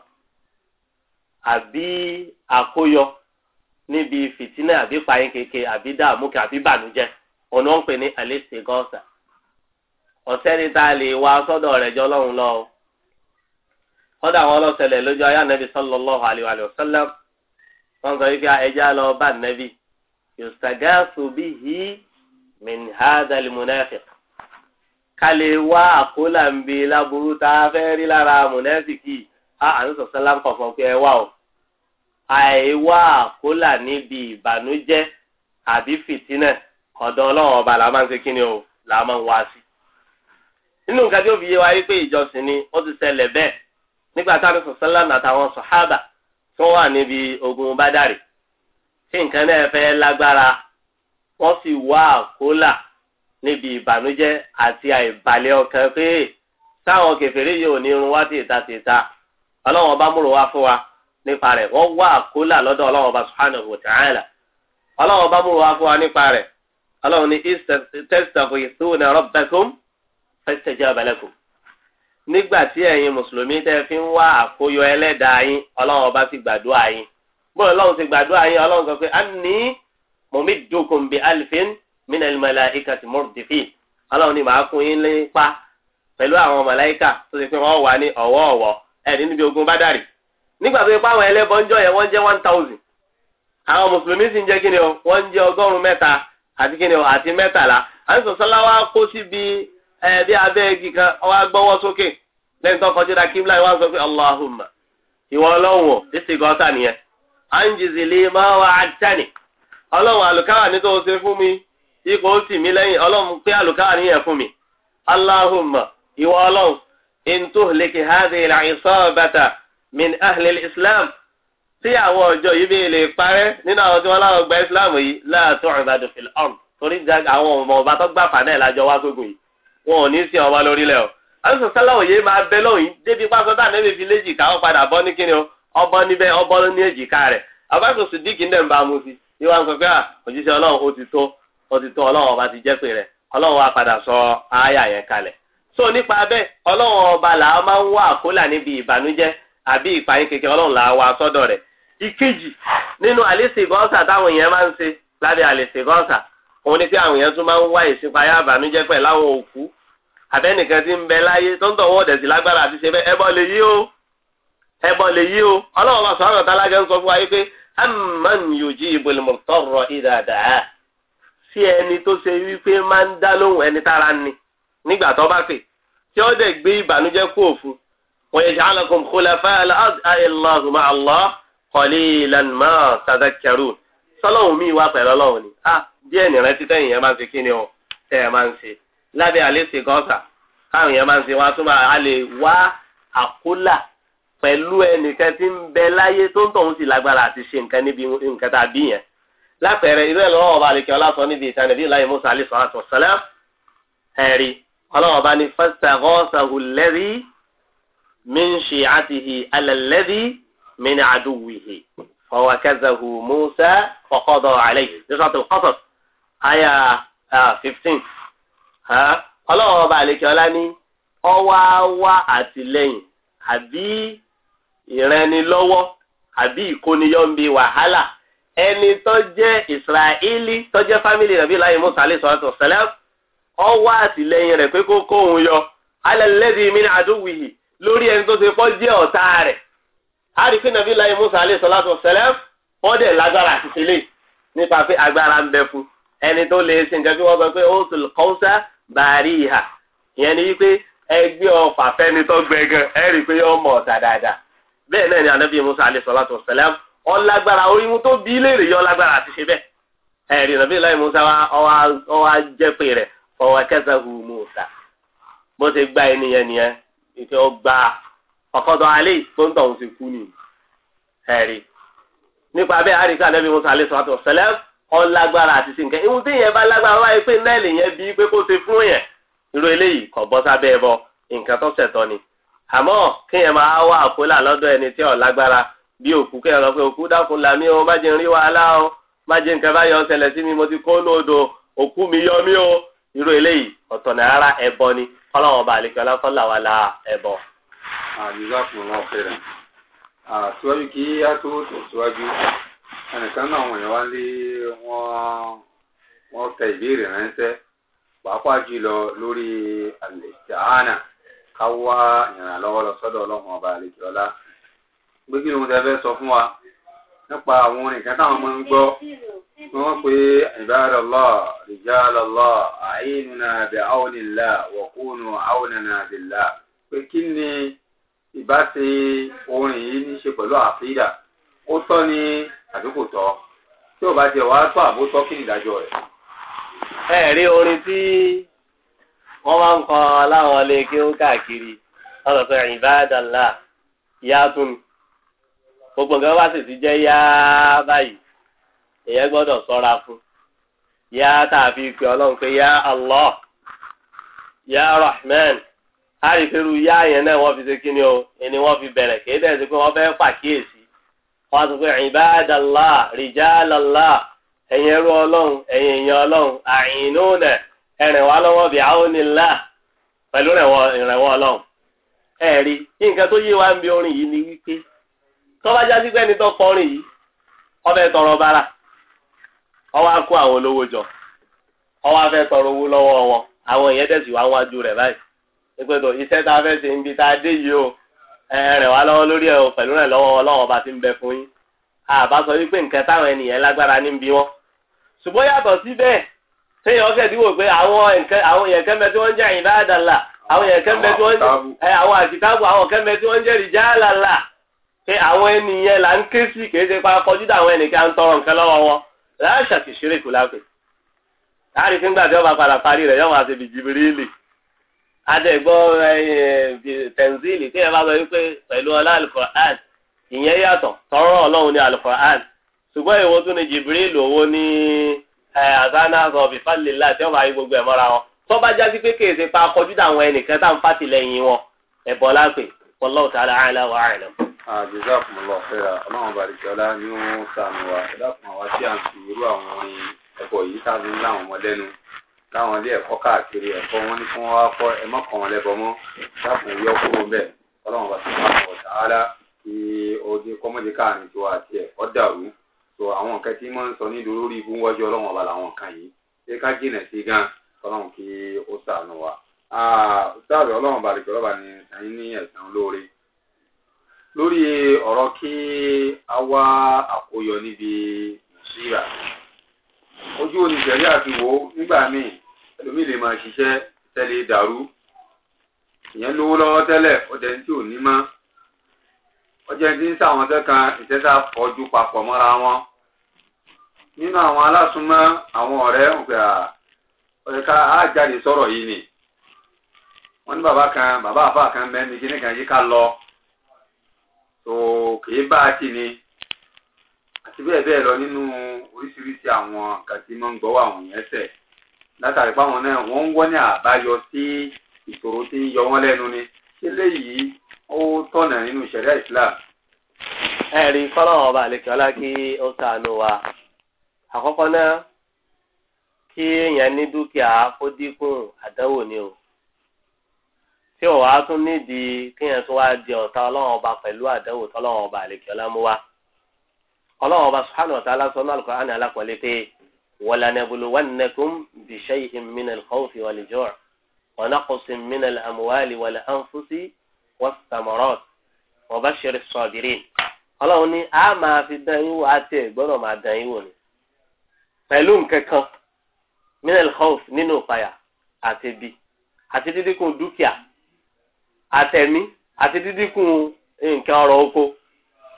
àbí àkóyọ. níbi fìtínà àbí payín keke àbí dààmú kẹ àbí bànújẹ́ òun Ọ ń pè ní gọ́ọ̀sà lè wá sọ́dọ̀ rẹ̀ jọ lọ́hùn lọ o kọ́dà àwọn ọlọ́sẹ̀lẹ̀ lójú ayé ànẹ́bí sallallahu alaihi wa sallam wọ́n sọ wípé lọ bá ànẹ́bí ká lè wá láburú tá a fẹ́ rí lára pé ẹ wá o. àìwá àkólà níbi ìbànújẹ́ àbí fìtínà ọ̀dọ̀ ọlọ́run ọba làá máa ń ṣe kí ni o làá máa ń wá sí. nínú nǹkan tí ó fi yé wa yí pé ìjọsìn ni ó ti ṣẹlẹ̀ bẹ́ẹ̀ nígbà táwọn sọ̀sọ́lá àtàwọn sọ̀hábà tó wà níbi ogun bádàrí tí nǹkan náà fẹ́ lágbára wọ́n sì wá àkólà níbi ìbànújẹ́ àti àìbalẹ̀ ọkàn pé táwọn kèfèrí yìí ò ní irun wá tìta tìta ọlọ́run ọba múrò wá fún wa nípa rẹ̀ wọ́n wá àkólà lọ́dọ̀ ọlọ́run ọba subhanahu wa ta'ala ọlọ́run ọba mú wa fún wa nípa rẹ̀ ọlọ́run ní istaghithuna rabbakum fastajaba lakum nígbà tí ẹ̀yin mùsùlùmí tẹ́ fi ń wá àkóyọ ẹlẹ́dàá yín ọlọ́run ọba ti gbàdúrà yín bó ọlọ́run ti gbàdúrà yín ọlọ́run sọ pé anni mumiddukum bi alfin minal malaikati murdifin ọlọ́run ni màá kún yín lépa pẹ̀lú àwọn màláìkà tó ti pé wọ́n wà ní ọ̀wọ́ ọ̀wọ́ ẹ̀ nínú bí ogun bá dàrí nígbà tó yẹ pé àwọn ẹlẹ́bọ ń jọ yẹn wọ́n jẹ́ one thousand àwọn mùsùlùmí sì ń jẹ́ kíni o wọ́n ń jẹ́ ọgọ́rùn mẹ́ta àti kíni o àti mẹ́tàlá àti wa kó síbi ẹ bí abẹ́ igi kan wa gbọ́wọ́ sókè lẹ́yìn tó kọjú da kíbla wa sọ pé Allahumma ìwọ ọlọ́run o títí gọ́tà nìyẹn à ń jìzìlì máa wà mi ipò ó tì mí lẹ́yìn ọlọ́run pé àlùkáwà fún mi Allahumma ìwọ ọlọ́run min si islam tí àwọn ọjọ́ yìí bí lè parẹ́ nínú àwọn tí wọ́n láwọn gba islam yìí láàtọ̀ ìbàdàn fil ard torí àwọn ọmọ ọba tó gbà fàánà lájọ wá yìí wọn ò ní sí ọba lórílẹ̀ o àwọn máa bẹ yìí débi pásọ tá léjì káwọn padà bọ́ ní kíni o ọbọ níbẹ̀ ọbọ ní èjìká rẹ̀ abáṣọ sùdíkì i ń à ah, òjíṣẹ́ ọlọ́run ó ti tó ó ti tó ọlọ́run àbí ìpààyàn kékeré ọlọ́run là wà sọ́dọ̀ rẹ̀ ìkejì nínú àlẹ́sẹ̀gọ́sà táwọn èèyàn máa ń ṣe lábẹ́ àlẹ́sẹ̀gọ́sà òun ni pé àwọn èèyàn tún máa ń wá ìṣípayá àbànújẹ́ pẹ̀ láwọn òkú àbẹ́nìkan ti ń bẹ láyé tó ń tọ̀wọ́ ọ̀dẹ̀ sí lágbára àti ṣe bẹ́ẹ̀ ẹbọ lè yí o ẹbọ lè yí o ọlọ́run máa sọ ọ̀rọ̀ tálágẹ́ ń ẹni tó ṣe wípé máa ń dá lóhùn ẹni tára ni nígbà tó bá pè tí ó dẹ̀ gbé ìbànújẹ́ kú òfin ويجعلكم خلفاء الأرض أي الله مع الله قليلا ما تذكرون sọlọ́hún mi wá pẹ̀lú ọlọ́hún ni ah díẹ̀ nìran títẹ́ yìnyẹn máa ń ṣe kíni o tẹ́ ẹ máa ń ṣe lábẹ́ àlẹ́sẹ̀ gọ́sà káwọn yẹn máa ń tí ń bẹ láyé tó ń tọ̀hún sí lágbára àti ṣe nǹkan níbi nǹkan tá a bí yẹn lápẹẹrẹ irú ẹ̀ lọ́wọ́ ọba àlekẹ́ ọlásọ níbi ìtàn nàbí láyé Musa alẹ́ sọ̀rọ̀ àtọ̀ ẹ̀rí ọlọ́wọ́ bá ní fásitì àgọ́sà hùlẹ́rìí min shi'atihi ala alladhi min aduwwihi fawakazahu Musa faqada alayhi suratul Qasas àyà fifteen ọlọ́run ọba àlekè ọlá ní ọwọ́ wá àtìlẹ́yìn àbí ìrẹnilọ́wọ́ àbí ìkóniyọ́nbi wàhálà ẹni tó jẹ́ ìsirahílì tó jẹ́ fámìlì rẹ̀ bí láyé Musa alayhi salatu wassalam ọwọ́ àtìlẹ́yìn rẹ̀ pé kó kóhun yọ alẹ́ lẹ́bi min aduwwihi lórí ẹni tó ṣe pọ́ jẹ́ ọ̀tá rẹ̀ àrífín nàbí láyé musa alẹ́ sọlá tó sẹlẹ̀ wọ́n dẹ̀ lágbára àti sílẹ̀ nípa pé agbára ń bẹ fún ẹni tó lè ṣe nǹkan bí wọ́n sọ pé ó tó kọ́ńsá bàárí ìhà ìyẹn ni wípé ẹgbẹ́ ọ̀fà fẹ́ni tó gbẹ̀gàn ẹ rí i pé yóò mọ̀ ọ̀tá dáadáa bẹ́ẹ̀ náà ni ànábì musa alẹ́ sọlá tó sẹlẹ̀ ó lágbára orí mu tó bí léèrè yọ lágbára àti ṣe bẹ́ẹ̀ ẹ̀rí nàbí láyé musa ọwọ́ ajẹ́pẹ̀ rẹ̀ fọwọ́ kẹsàn-án ìfẹ́ ọgbà ọ̀kọ́dọ̀ alẹ́ ìfọ́ńtọ̀ òsì kú ni ẹ̀rí nípa bẹ́ẹ̀ àríkà nẹ́bí musa alẹ́ sọ́tò sẹlẹ̀ ọlágbára àti sìnkẹ́ ihun tí yẹn bá lágbára wáyé pé nẹ́ẹ̀lì yẹn bí pé kó ṣe fún yẹn irú eléyìí kò bọ́ sábẹ́ ẹbọ nǹkan tó ṣẹ̀tọ́ ni àmọ́ kí yẹn máa wá àpólà lọ́dọ̀ ẹni tí ò lágbára bí òkú kẹ́ ọ̀rọ̀ òkú dákun làmí o má jẹ́ ń rí wàhálà o má jẹ́ nǹkan báyọ̀ ṣẹlẹ̀ sí mi mo ti kó ní òkú mi yọ mí o irú eléyìí ọ̀tọ̀nà ara ẹbọ ni kọ́lọ́wọ́ ọba àlejò alákọ́là wa la ẹ̀bọ. àdìgbà fún wọn fẹ́rẹ̀ àtiwájú kí á tó tẹ̀síwájú ẹnìkan náà wọ̀nyẹn wá lé wọn wọn tẹ ìbéèrè ránṣẹ́ pàápàá jùlọ lórí àlèjáàna ká wá ìrànlọ́wọ́ lọ sọ́dọ̀ ọlọ́run ọba àlejò gbégbé ohun tẹ́ fẹ́ sọ fún wa nípa àwọn orin kan táwọn máa ń gbọ́ tí wọ́n pe ibadallah rijalallah a'inuna bi awnillah wa kunu awnana billah pé kí ni ìbá ṣe orin yìí ní ṣe pẹ̀lú àfíìdà ó tọ́ ni àbí kò tọ́ tí ò bá jẹ wàá tó àbótọ́ kí ni ìdájọ́ rẹ̀. ẹ rí orin tí wọ́n máa ń kọ láwọn ilé kí ó káàkiri wọ́n sọ pé ibadallah yá tún. gbogbo nǹkan wá sì ti jẹ́ yá báyìí èyẹ sọ́ra fún yá tá fi pè ọlọ́run pé yá Allah yá Rahman a yá yẹn náà wọ́n fi ṣe kí ni o ẹni wọ́n fi bẹ̀rẹ̀ kì í pé wọ́n fẹ́ pàkíyèsí wọ́n pé ẹrú ọlọ́run ọlọ́run ẹ̀rìn lọ́wọ́ bí pẹ̀lú ìrànwọ́ ọlọ́run ẹ̀rí nǹkan tó wa ń orin yìí ni wípé tọ́ba jásí pé ẹni tó kọrin yìí ọbẹ̀ tọrọ bára ọwọ́ á kó àwọn olówó jọ ọwọ́ á fẹ́ tọrọ owó lọ́wọ́ wọn àwọn èèyàn tẹ̀sí wá wájú rẹ̀ báyìí pípẹ́ iṣẹ́ tá a fẹ́ ṣe ń bi tá a dé yìí o rẹ̀ wá lọ́wọ́ lórí ẹ̀ o pẹ̀lú rẹ̀ lọ́wọ́ ọlọ́wọ́ bá ti ń bẹ fún yín àbá sọ wípé nǹkan táwọn ènìyàn lágbára ní bí wọn ṣùgbọ́n yàtọ̀ síbẹ̀ téèyàn kẹ́ ti pé àwọn èèyàn tí wọ́n ń jẹ́ àyìnbá àdàlà àwọn èèyàn tí wọ́n ń jẹ́ àwọn àkìtáàbù àwọn kẹ́mẹ́ tí wọ́n ń jẹ́ rìjálàlà pé àwọn ènìyàn là ń ké sí ṣe pa kọjú dà àwọn ẹnìkan à ń tọrọ nǹkan lọ́wọ́ wọn láṣà kì í ṣeré kù lápè láàrin tí ń gbà tí wọn bá padà parí rẹ̀ yóò máa ṣe bìjìbìrìlì adẹgbọ eh, eh, tẹnzílì tí ẹ bá sọ wípé ọlá ìyẹn tọrọ Ọlọ́run ní alukoran ṣùgbọ́n ìwọ tún ní jìbìrìlì owó ní àzánà sọ gbogbo ẹ wọn tó bá jásí pé ṣe pa kọjú dà àwọn ẹnìkan tá a'la àjẹsà fún ọlọ fẹra Ọlọ́run balẹjọlá ni ó ń sànù wa ẹ̀dá fún àwa tí à ń fi irú àwọn orin ẹ̀kọ́ yìí sáfi ń láwọn ọmọ lẹ́nu láwọn ilé ẹ̀kọ́ káàkiri ẹ̀kọ́ wọn ni kí wọn wá kọ́ ẹ mọkàn wọn lẹbọ mọ dákun yọ kúrò ń bẹ Ọlọ́run bá ti máa ń wọ sàárà kí ojú kọmọdé káàrin tó àti ẹ̀kọ́ dàrú so àwọn nǹkan tí wọn ń sọ nílùú lórí ibú wájú Ọlọ́run ọba làwọn nǹkan yìí ṣé ká jìnà sí gan Ọlọ́run kí ó sànù wa. Ah, sáàbì Ọlọ́run bá lè jọlọ́ba ní ẹ̀sán lóore lórí ọ̀rọ̀ kí a wá àkóyọ níbi mùsíra ojú oníṣẹ̀rí àti wo nígbà míì ẹlòmíì lè máa ṣiṣẹ́ tẹ́lẹ̀ dàrú ìyẹn lówó lọ́wọ́ tẹ́lẹ̀ ọjà ẹni tí ò ní mọ́ ọjà ẹni tí ń sàwọn papọ̀ mọ́ra wọn nínú àwọn alásùnmọ́ àwọn ọ̀rẹ́ ọ̀yẹ̀ká sọ̀rọ̀ yìí wọ́n ní bàbá kan bàbá kan kíní kan tó kìí bá a tì ní àti bẹ́ẹ̀ bẹ́ẹ̀ lọ nínú oríṣiríṣi àwọn nǹkan tí wọ́n ń gbọ́ àwọn yẹn sẹ̀ látàrí páwọn náà wọ́n ń wọ́n ní àbáyọ sí ìṣòro tí ń yọ wọ́n lẹ́nu ni ṣé léyìí ó tọ̀nà nínú ìṣẹ̀lẹ̀ Islam. ẹ rí kọ́lọ́wọ́n ọba àlejò ọlá kí ó sàánú wa àkọ́kọ́ náà kí èèyàn ní dúkìá kó dínkù àdánwò ni o tí ò wá tún nídìí kéèyàn tó wá di ọ̀tá ọlọ́run ọba pẹ̀lú àdánwò tọ́lọ́run ọba àlèkè ọlámúwá ọlọ́run ọba subhanahu wa ta'ala sọ́nà al-Qur'an alákọ̀ọ́lẹ́ pé walanabluwannakum bishay'in minal khawfi wal ju' wa naqsin minal amwali wal anfusi was thamarat wa bashiri s-sabirin ọlọ́run ní a máa fi dán yín wò àti ẹ̀gbọ́dọ̀ máa ni pẹ̀lú nkankan minal khawf àtẹ̀mí àti dídínkù nǹkan ọ̀rọ̀ oko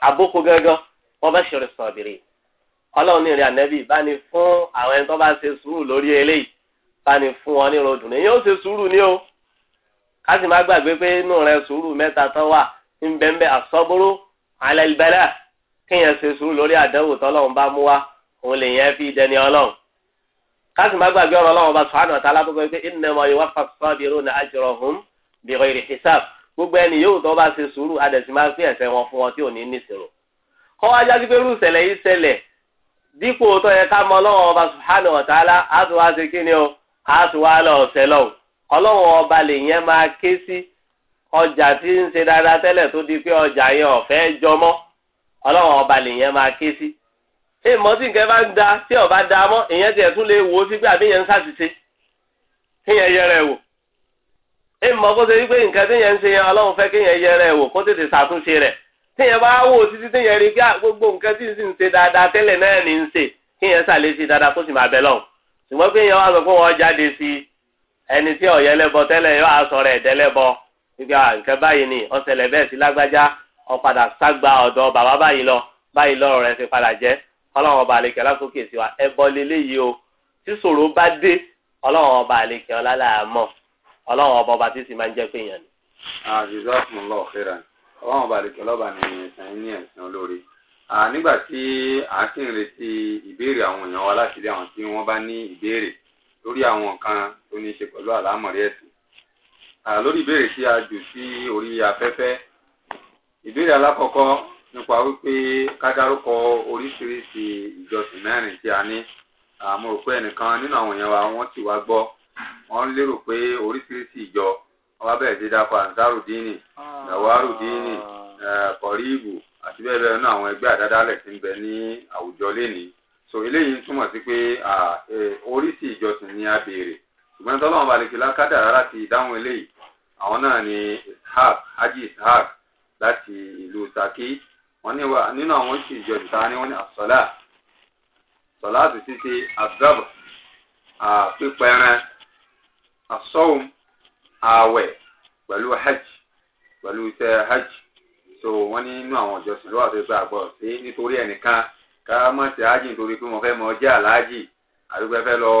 àbókò gángan wọ́n bá ṣe sọ̀bìrì ọlọ́run ní ìrìn ànẹ́bí bá fún àwọn ẹni tó bá ṣe sùúrù lórí eléyìí bá fún wọn ní ròdùn ní yóò ṣe sùúrù ní o ká má gbàgbé pé inú rẹ sùúrù mẹ́ta tó wà ń bẹ́ńbẹ́ àsọ́bóró alẹ́lbẹ́lẹ́ kéèyàn ṣe sùúrù lórí àdánwò tọ́lọ́run bá mú wa òun lè yẹn fi dẹni ọlọ́run ká má gbàgbé ọ̀rọ̀ ọlọ́run bá sọ̀hánà tá alábọ́gbé pé ìnáwó yìí wá fà bìrọ èrè hisab gbogbo ẹni yóò tó bá ṣe sùúrù adẹ̀sí máa pín ẹ̀ṣẹ̀ wọn fún wọn tí ò ní níṣirò kọ́ wájú akíkérú ìṣẹ̀lẹ̀ yìí ṣẹlẹ̀ dípò tó yẹ ká mọ ọlọ́run ọba subhanahu wa ta'ala á tún wá ṣe kí ni o á tún wá lọ ọ̀sẹ̀ lọ́wọ́ ọlọ́run ọba lè yẹn máa ké sí ọjà tí ń ṣe dáadáa tẹ́lẹ̀ tó di pé ọjà yẹn ọ̀fẹ́ jọmọ́ ọlọ́run ọba lè yẹn máa ké sí èèmọ̀ tí nǹkan bá ń da tí ọba da mọ́ ìyẹn tiẹ̀ tún lè wò ó sí pé àbí yẹn ń ṣàṣìṣe kí yẹn yẹrẹ wò ẹ mọ̀ kó ṣe wípé nǹkan téèyàn ń ṣe yẹn ọlọ́run fẹ́ kéèyàn yẹ rẹ̀ wò kó tètè ṣàtúnṣe rẹ̀ téèyàn bá wò títí téèyàn rí pé ah, gbogbo nǹkan tí ń sì ń dáadáa tẹ́lẹ̀ náà ní ń ṣe kéèyàn ṣàlẹ́ sí dáadáa kó sì máa bẹ̀ lọ́hùn ṣùgbọ́n kéèyàn wá sọ pé wọ́n jáde sí ẹni tí ọ̀yẹ́ lẹ́bọ tẹ́lẹ̀ yóò aṣọ rẹ̀ tẹ́lẹ̀bọ ah, nǹkan báyìí ni ọ̀sẹ̀lẹ̀ ọlọ́run ọba ọba tí sì máa ń jẹ́ pé yẹn ni. àjùzọ́ fún lọ fẹ́ra ọlọ́run ọba àdìkẹ́ lọ́ba ni ẹ̀sán ní ẹ̀sán olóore. nígbà tí a sì ń retí ìbéèrè àwọn èèyàn wa láti rí àwọn tí wọ́n bá ní ìbéèrè lórí àwọn nǹkan tó ní í ṣe pẹ̀lú àlámọ̀rí ẹ̀sìn. lórí ìbéèrè tí a jù sí orí afẹ́fẹ́ ìbéèrè alákọ̀ọ́kọ́ nípa wípé ká dárúkọ oríṣiríṣi ìjọsìn mẹ́rin tí a ní àmọ́ òpin ẹnìkan nínú àwọn èèyàn wa wọ́n ti wá gbọ́ wọ́n lérò pé oríṣiríṣi ìjọ wọ́n bá bẹ̀rẹ̀ dákọ̀ ansarudini ah. nawarudini eh, kọ̀ríìbù àti bẹ́ẹ̀ bẹ́ẹ̀ náà àwọn ẹgbẹ́ àdádálẹ̀ ti ń bẹ ní àwùjọ lénìí so eléyìí túmọ̀ sí pé oríṣi ìjọsìn ni a béèrè ṣùgbọ́n dáhùn eléyìí àwọn náà ni ishaq haji ishaq láti ìlú wọn ní wa nínú àwọn ni wọn ní asọ́wọ́m ààwẹ̀ pẹ̀lú hajj pẹ̀lú iṣẹ́ hajj so wọ́n ní inú àwọn ìjọsìn ló wà tó gbà gbọ́ sí nítorí ẹnìkan ká má ṣe hajj nítorí pé mo fẹ́ mọ jẹ́ àlàájì àdúgbò ẹfẹ́ lọ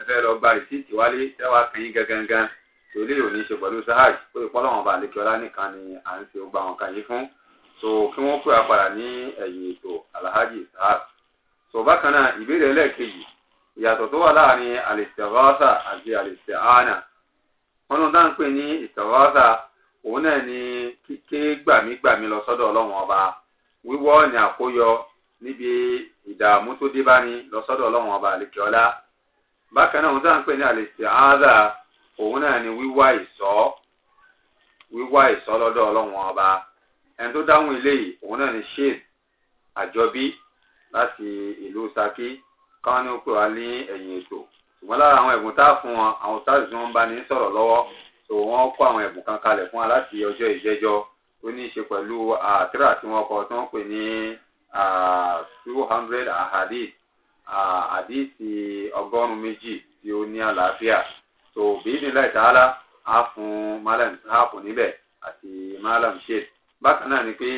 ẹfẹ́ lọ gba rìsíìtì wálé tẹ́wàá kẹ́yìn gangan tó lè òní ṣe pẹ̀lú sahaj pé ìpọ́lọ́wọ́n bá lẹ́kẹ́ ọlá nìkan ni à ń ṣe ó gba àwọn kan yìí fún so kí wọ́n pè wá padà ní ẹ̀yìn ètò alhaji sahaj so bákan náà ìbéèrè ẹlẹ́ẹ̀kejì ìyàtọ̀ tó wà láàrin àlìsẹ̀rọ́sà àti àlìsẹ̀hánà wọn ló dá ń pè ní ìsẹ̀rọ́sà òun náà ni kíké gbàmígbàmí lọ sọ́dọ̀ ọlọ́run ọba wíwọ́ ni àkóyọ níbi ìdààmú tó dé bá ní lọ sọ́dọ̀ ọlọ́run ọba àlìkíọ́lá bákan náà òun dá ń pè ní àlìsẹ̀hánà òun náà ni wíwá ìsọ́ wíwá ìsọ́ lọ́dọ̀ ọlọ́run ọba ẹni tó dáhùn eléyìí òun náà ni sheikh àjọbí láti ìlú Ṣakí káwọn ní pè wá ní ẹ̀yìn ètò ṣùgbọ́n lára àwọn ẹ̀bùn tá a fún wọn àwọn sáàsì tí wọ́n bá ní sọ̀rọ̀ lọ́wọ́ tó wọ́n kó àwọn ẹ̀bùn kan kalẹ̀ fún wa láti ọjọ́ ìjẹ́jọ́ tó ní í ṣe pẹ̀lú àtìrà tí wọ́n kọ tí wọ́n pè ní two hundred ahadith àdìsí ọgọ́rùn-ún méjì tí ó ní àlàáfíà tó bíi nílẹ̀ ìtàlá á fún malam sáàpù níbẹ̀ àti malam sheikh bákan náà ni pé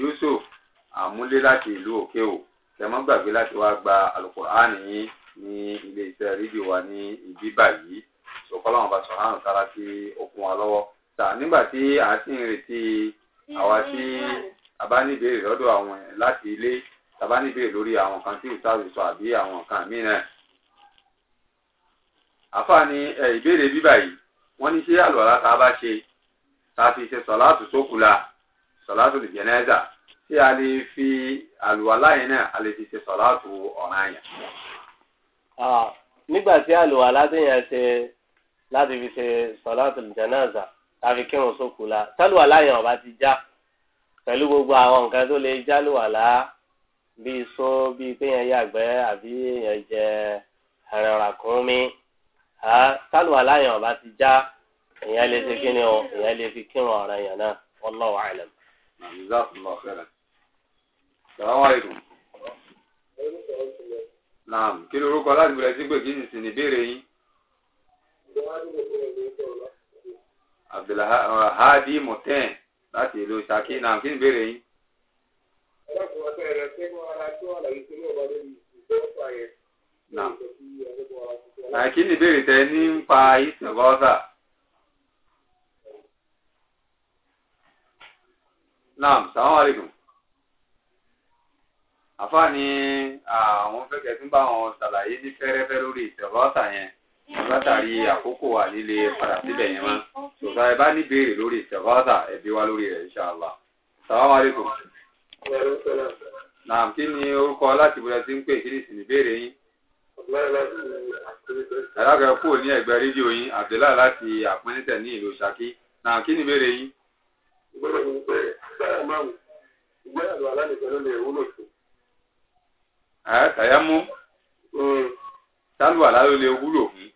Yusuf àmúlé láti ìlú òkèwò tẹmọ gbàgbé láti wá gba alukur'an yín ní ilé iṣẹ́ rédíò wa ní ìbí báyìí sọkọlọ wọn bá sọ hàn sára sí okun wa lọ́wọ́ tà nígbà tí a ti ń retí àwa tí a bá ní ìbéèrè lọ́dọ̀ àwọn láti ilé tá a bá ní ìbéèrè lórí àwọn kan tí ìsáàlù sọ àbí àwọn nǹkan míì náà àfààní ìbéèrè bíbà yìí wọ́n ní ṣé àlùwàlá tá a bá ṣe tá a fi ṣe sọ̀láàtù sókùlà sọ̀láàtù lìjẹ̀nẹ́dà tí a lè fi àlùwàlá yẹn náà a lè fi ṣe sọ̀láàtù ọ̀ràn yẹn. nígbà tí àlùwàlá tí yẹn ṣe láti fi ṣe sọ̀láàtù jánásà tàbí kírun sókù la tálùwàlá yẹn ọba ti já pẹ̀lú gbogbo àwọn nǹkan tó lè jálùwàlá bíi só bíi pé yẹn yàgbẹ́ àbí yẹn jẹ ẹran ràkúnmí tálùwàlá yẹn ọba ti já èèyàn lè ṣe kí ni o lè fi kírun ọ̀ràn yẹn náà wallahu a'lam. Jazakumullahu khairan. Salaam Naam, kí lorúkọ láti bẹ̀rẹ̀ sí pé kí sì ní ìbéèrè yín? Uh, Moten láti ìlú Ṣakí. Naam, kí ni ìbéèrè yín? Naam. Kí ni ìbéèrè tẹ ní ń pa ìsìn gọ́ọ̀sà? Naam, salaam àfa ni àwọn fẹkẹ tún bá wọn ṣàlàyé ní fẹ́rẹ́fẹ́ lórí ìṣẹlọta yẹn látàrí àkókò àlílé padà síbẹ̀ yẹn mọ́ tòṣà ẹ bá ní béèrè lórí ìṣẹlọta ẹbí wa lórí rẹ̀ inṣàlá sàlámù alaykum. naam kí ni orúkọ láti bóyá ti ń pè kí ni sì ní béèrè yín. ẹ̀rọ kúrò ní ẹ̀gbẹ́ rédíò yín Abdullahi láti àpínítẹ̀ ní ìlú Ṣakí naam kí ni béèrè yín. ìgbọ́dọ̀ mi pé báyà máa ń gbé àlọ́ tàyámú sálùwà láló lè wúlò fún.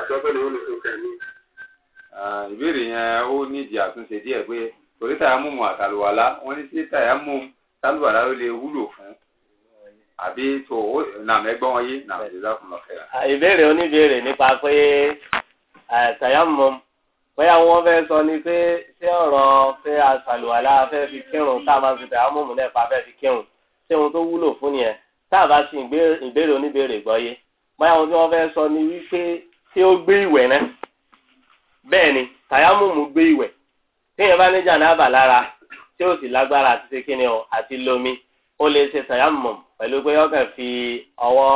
àtọ́gbẹ́ ni wọ́n lè sọ kẹ́mi. ìbéèrè yẹn ó nídìí àtúnṣe díẹ̀ pé torí tàyámú mu àtàlùwàlá wọ́n ní sí tàyámú sálùwà láló lè wúlò fún àbí tó o nàmẹ gbọ́n wọn yé nàmẹ ìdílé fún lọ́kẹ́. ìbéèrè oníbéèrè nípa pé tàyámú bóyá wọn fẹ́ sọ ni pé ṣé ọ̀rọ̀ pé àṣàlùwàlá fẹ́ fi kírun tá a máa fi tàyámú mu náà pa fẹ́ fi kírun ṣé ohun tó wúlò fún nìyẹn. tá a ti ìbéèrè oníbéèrè gbọ́ yé báyà wọn tí wọ́n fẹ́ sọ ni wípé ṣé ó gbé ìwẹ̀ náà bẹ́ẹ̀ ni tàyámùmù gbé ìwẹ̀ téèyàn bá lára tí ó sì lágbára àti ṣe kíni o àti lomi ó lè ṣe tàyámùmù pẹ̀lú pé fi ọwọ́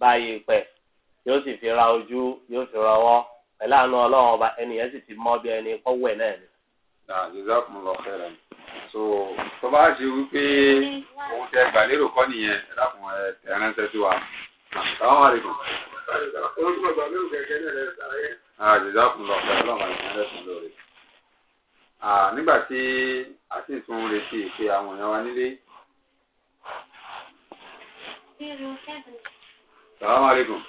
ba ìpẹ̀ yóò sì fi ra ojú fi ra ọwọ́ pẹ̀lú àánú ọlọ́run ọba ẹnìyẹn sì ti mọ́ bí ẹni kọ́wẹ̀ náà ni. Ah, jazakumullahu khairan so tó bá ṣe wípé òun tẹ gbàlérò kọ́ nìyẹn ẹ dákun ẹ tẹ ránṣẹ́ sí wa sàwọn àlejò. òun tó gbàlérò kẹ̀kẹ́ náà rẹ̀ sàáyé. jazakumullahu khairan ọlọ́run àti ẹ̀rẹ́sìn lóore ah, nígbà tí a sì tún ń retí pé àwọn èèyàn wa nílé. salaam aleykum.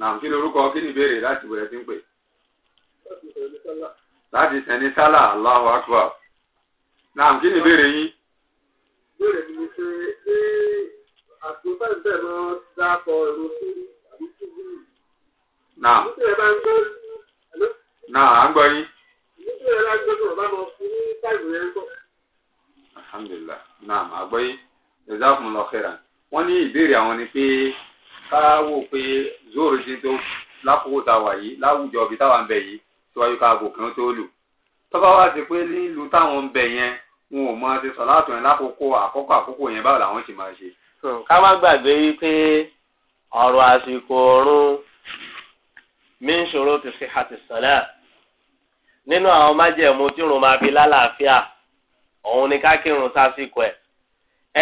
naam kí ni orúkọ kí ni ìbéèrè láti bẹ̀rẹ̀ sí ń pè láti sẹni sálà Allahu Akbar náà kí ni ìbéèrè yín. ìbéèrè mi ni pé ṣé àtúntò ìbẹ̀ máa dáàbò ẹ̀rọ sí àbí túbú yìí. náà náà à ń gbọ́ yín. alhamdulilah náà à gbọ́ yín jazakumullahu khairan wọ́n ní ìbéèrè àwọn ni pé ká wò pé zoro ti tó lákòókò tá a wà yìí láwùjọ ibi táwa ń bẹ yìí síwájú káàkó kí wọ́n tó lù tọ́ba wá ti pé lílu táwọn ń bẹ̀ yẹn wọn ò máa ti sọ látọ̀ yẹn lákòókò àkókò àkókò yẹn báwo làwọn ti máa ṣe. ká má gbàgbé wípé ọ̀rọ̀ àsìkò oorun mi ń ṣòro ti fi àti sọ̀lá nínú àwọn májẹ̀mú tí irun máa fi lálàáfíà òun ni ká kírun sásìkò ẹ̀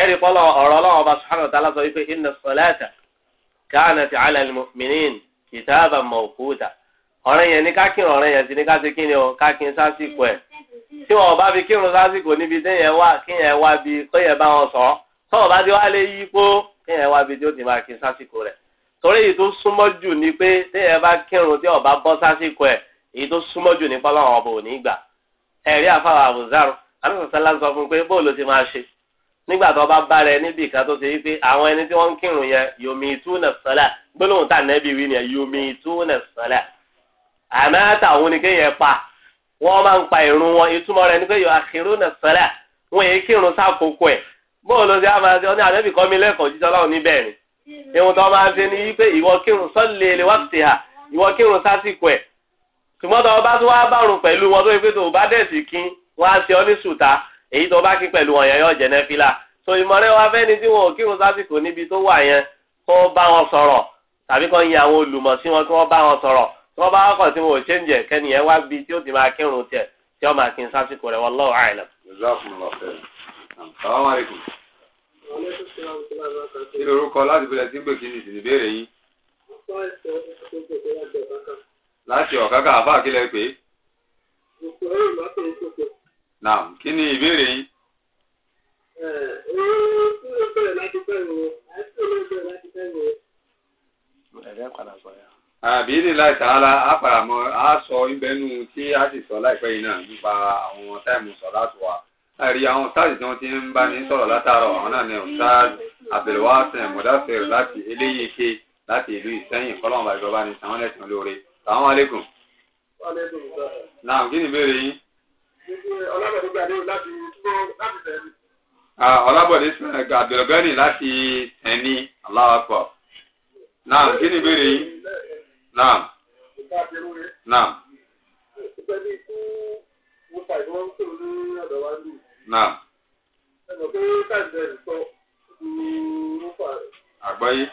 ẹ̀rí pọ́lọ́ ọ̀rọ̀ ọlọ́run ọba subhanahu wa ta'ala wípé inna salata kanat ala ọ̀rẹ́ yẹn ní ká kírun ọ̀rẹ́ yẹn sì ní ká ṣe kí o ká kí sásìkò ẹ̀ tí wọn bá fi kírun sásìkò níbi tí yẹn wà kí yẹn wá bi kó yẹn bá wọn sọ tọ́wọ́ bá ti wá lé yí pó kí yẹn wá bi tí ó ti máa kí sásìkò rẹ̀ torí èyí tó súnmọ́ jù ni pé tí yẹn bá kírun tí ọba bọ́ sásìkò ẹ̀ èyí tó súnmọ́ jù ní pálọ̀ ọba ò ní gbà ẹ̀rí àfàwọ̀ àbùzárò àmọ́ àtàwọn ni kéèyàn pa wọ́n máa ń pa ìrun wọn ìtumọ̀ rẹ̀ ni pé yóò àkérò náà sọ́lá wọn èyí kírun sákòókò ẹ̀ bóòlù sí àmàṣe ọ ní àdébì kọ́ mi lẹ́kọ̀ọ́ jíjọ́ láwọn níbẹ̀ ni ìwọ̀n tó máa ń ṣe ni pé ìwọ kírun sọ́lé lè wá ti hà ìwọ kírun sásìkò ẹ̀ ṣùgbọ́n tó bá tún wá bàrùn pẹ̀lú wọn tó yẹ pé tó bá dẹ̀ sí kí wọ́n á ṣe ọ ní sùtá èyí tó bá kí pẹ̀lú wọn yẹn yóò jẹ́ nẹ́fílà so ìmọ̀rẹ́ wa fẹ́ni tí wọn ò kírun sásìkò níbi tó wà yẹn kó bá wọn sọ̀rọ̀ tàbí kó yin àwọn olùmọ̀ wọn kí wọ́n bá wọn sọ̀rọ̀ wọ́n bá kọ̀ sí wọn ò ṣe ń jẹ kẹ́ni yẹn wá bí tí ó ti máa kírun tiẹ̀ tí ó máa kí n sásìkò rẹ̀ wallahu a'lam. kí lorúkọ láti bẹ̀rẹ̀ sí gbè kí ni sì ní béèrè láti ọ̀kákà àfa àkílẹ̀ pé. naam kí ni ìbéèrè yín. Ẹ̀rẹ́ àbílẹ̀ á sọ a sì sọ láìpẹ́ yìí náà nípa àwọn táìmù sọ láti wà àìrí àwọn tí ti ń bá ní sọ̀rọ̀ látàárọ̀ àwọn náà ni lati àbẹ̀lẹ̀wàsẹ̀ mọ̀dáfẹ̀rẹ̀ láti eléyèké láti ìlú ìsẹ́yìn kọ́lọ́mù bá ní sàwọn sàwọn naam ni ìbéèrè yín. ọlábọ̀dé àbẹ̀lẹ̀gbẹ́ni láti ẹni naam ni Naam. Naam. Naam. Àgbáyé. Naam.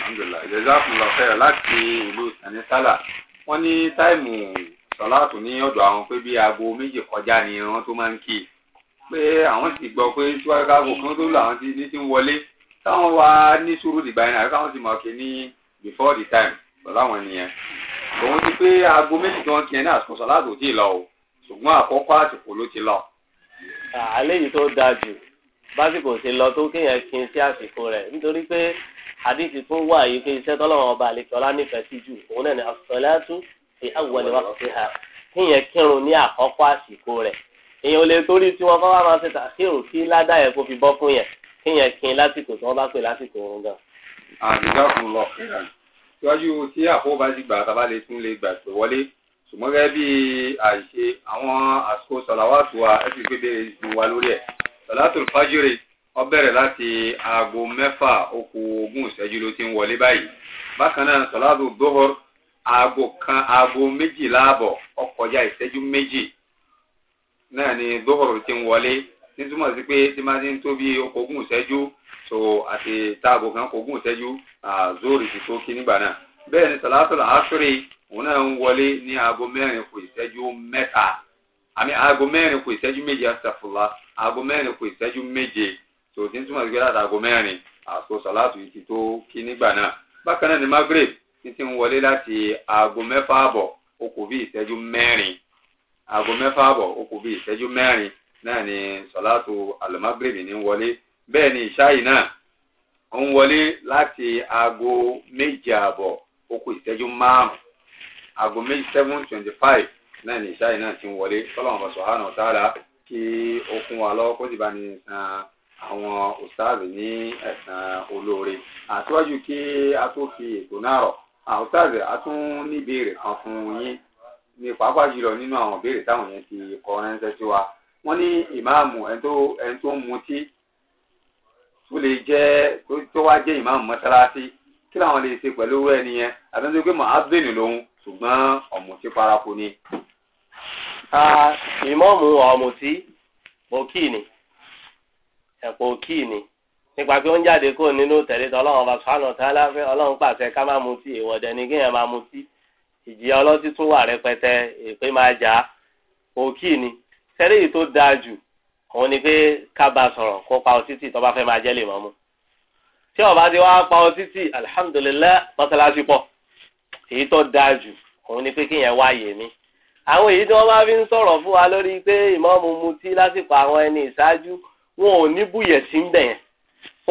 Alhamdulillah, jazakumullah khair láti ìlú Sanitala. Wọ́n ní táìmù sọláàtù ní ọ̀dọ̀ àwọn pé bí aago méjì kọjá ni wọ́n tó máa ń kí i pé àwọn sì gbọ́ pé ṣíwájú kan tó làwọn ti ní ti ń wọlé táwọn wá ní sùúrù dìgbà yẹn àbí káwọn ti mọ̀ kí ní before the time pẹ̀lú àwọn ènìyàn òun ti pé aago méjì tí wọ́n kí ẹ ní àsìkò sọláàtù ò tí ì lọ o ṣùgbọ́n àkọ́kọ́ àsìkò ló ti lọ. àléyìí tó dáa jù básìkò ti lọ tó kéèyàn kí n sí àsìkò rẹ̀ nítorí pé àdìsí tún wà yìí iṣẹ́ tọ́lọ́wọ́n ọba àlekọ́lá nífẹ̀ẹ́ sí jù òun náà ní asọ́lẹ́tù fi awwali waqtiha kíyẹn kírun ní àkọ́kọ́ àsìkò rẹ̀ èèyàn ò lè torí tí wọn kọ́ wá máa ṣe tàkírun kí ládà yẹn kó fi bọ́ fún yẹn kíyẹn kín lásìkò tí wọ́n bá pè lásìkò òun gan. àdìgá fún lọ síwájú tí àkóbá ti gbà tábà lè tún lè gbà pé wọlé ṣùgbọ́n gẹ́gẹ́ bí àìṣe àwọn àsìkò sọ̀làwàtò wa ẹ ti gbé bèrè ìsìn wa lórí ẹ̀ sọ̀làtò fájírì ó bẹ̀rẹ̀ láti aago mẹ́fà ó ogún ìṣẹ́jú ló ti ń wọlé báyìí bákan náà sọ̀làtò dóhọ́rọ́ aago kan aago méjìlá àbọ̀ ọkọjá ìṣẹ́jú méjì náà ni dóhòrò ti ń wọlé nítumọ̀ sí pé tí máa ti ń tó bí ogún ìṣẹ́jú so àti táàgò kan ogún ìṣẹ́jú zóòrì ti tó kí nígbà náà bẹ́ẹ̀ ni sàlátùl àṣírí òun náà ń wọlé ní aago mẹ́rin kù ìṣẹ́jú mẹ́ta àmì aago mẹ́rin kù ìṣẹ́jú méje àṣàfùlà aago mẹ́rin kù ìṣẹ́jú méje so tí ń túmọ̀ sí pé láti aago mẹ́rin àtò sàlátù yìí ti tó kí nígbà náà bákan náà títí ń wọlé láti aago mẹ́fà àbọ̀ ó kù bí ìṣẹ́jú mẹ́rin aago mẹ́fà àbọ̀ ó kù bí ìṣẹ́jú mẹ́rin náà ni sọ̀látù àlùmágbèbì ní wọlé bẹ́ẹ̀ ni ìṣáyì náà ó ń wọlé láti aago méje àbọ̀ ó kù márùn aago méje seven twenty five náà ni ìṣáyì náà ti ń wọlé kọ́lọ́mù subhanahu wa ta'ala kí ó fún wa lọ́wọ́ kó sì bá ní san àwọn ustaz ní ẹ̀san olóore àtiwájú kí a tó fi ètò náà rọ̀ àwùtáàzẹ a tún ní ìbéèrè kan fún yín ní pàápàá jùlọ nínú àwọn ìbéèrè táwọn yẹn ti kọ ránṣẹ́ sí wa wọ́n ní ìmáàmù ẹni tó ẹni tó ń mutí tó lè jẹ́ tó wá jẹ́ ìmáàmù mọ́sálásí kí làwọn lè ṣe pẹ̀lú ẹni yẹn àtúntò pé màábìnrin lòun ṣùgbọ́n ọ̀mùtí paraku ni. ìmáàmù ọ̀mùtí òkì ni ẹ̀pọ̀ òkì ni nípa pé ó ń jáde kó nínú tẹ̀lé tó ọlọ́run ọba sùhánù tálá fẹ́ ọlọ́run pàṣẹ ká má mutí ìwọ̀dẹ ni kéèyàn má mutí ìjìyà ọlọ́tí tún wà rẹpẹtẹ èpè máa jà á òkì ni sẹ́rí yìí tó dáa jù òun ni pé ká bá sọ̀rọ̀ kó pa ọtí tì tó bá fẹ́ máa jẹ́ lè mọ́ mu tí ó bá ti wá pa ọtí tì alihamudulilayi mọ́sálásí pọ̀ èyí tó dáa jù òun ni pé kéèyàn wáyè mí àwọn èyí tí wọ́n bá fi ń sọ̀rọ̀ fún wa lórí pé ìmọ̀ọ́mù mutí lásìkò àwọn ẹni ìṣáájú wọn ò ní ń bẹ̀yẹn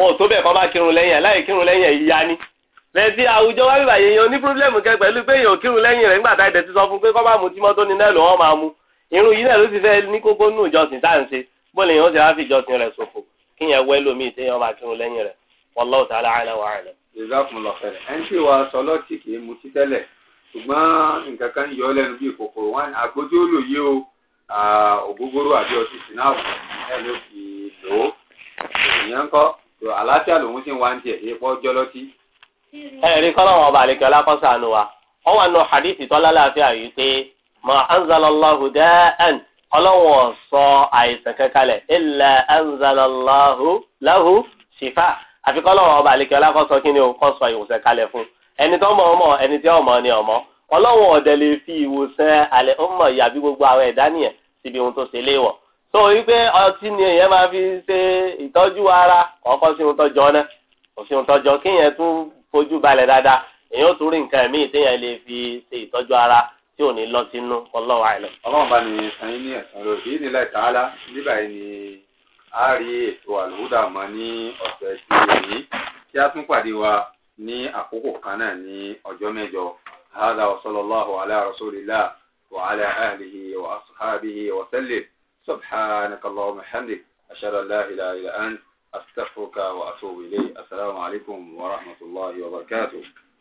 wọn ò tó bẹ́ẹ̀ kọ́ bá kírun lẹ́yìn ẹ̀ láì kírun lẹ́yìn ẹ̀ yíya ni lẹ́sí àwùjọ wá bíbà yẹn ní pírọ́blẹ́mù kẹ pẹ̀lú pé èèyàn kírun lẹ́yìn rẹ̀ nígbà táyì tẹ̀sí sọ fún pé kọ́ bá mu tí mọ́tò ni. náà ló wọ́n máa mu irun yìí náà ló ti fẹ́ ní kókó nù ìjọsìn tá à ń ṣe bó lè yàn ó ti ráfi ìjọsìn rẹ̀ ṣòfò kí yẹn wẹ́ lómi tí yẹn máa kírun lẹ́yìn rẹ̀ wallahu ta'ala a'lam wa a'lam. jazakumullahu khairan ẹni tí wàá sọ lọ́tì kì í mutí tẹ́lẹ̀ ṣùgbọ́n nǹkan kan yọ lẹ́nu bíi kòkòrò wọn tó àlàáfíà lòun sì ń wá ń tiẹ̀ èèpọ̀ jọlọ lọ́tí. ẹ̀rí kọ́lọ́wọ́n ọba àlekẹ́ ọlákọ́sà ló wa wọ́n wà nù hadithi tọ́lá láàfin àyè pé mà anzalallahu da'an ọlọ́wọ́n sọ àìsàn anzalallahu shifa àfi ọba o sọ ìwòsàn kalẹ̀ fún ẹni tó ọmọ ẹni tí ọmọ ni so pe ọtí ni èèyàn máa fi ṣe ìtọ́jú ara ọkọ sí ohun tọ́jọ́ náà kò sí ohun tọ́jọ́ kéèyàn tún fojú balẹ̀ dáadáa èèyàn tún rí nǹkan míì le fi ṣe ìtọ́jú ara tí ò ní lọ sínú ọlọ́wà ilẹ̀. ọlọ́run bá ní sanyí ní ẹ̀sán lórí bí nígbà yìí ni a rí ètò àlùbúdà mọ́ ní ọ̀sẹ̀ tí tí a tún pàdé wa ní àkókò kan ní ọjọ́ mẹ́jọ سبحانك اللهم وبحمدك أشهد أن لا إله إلا أنت أستغفرك وأتوب اليك السلام عليكم ورحمة الله وبركاته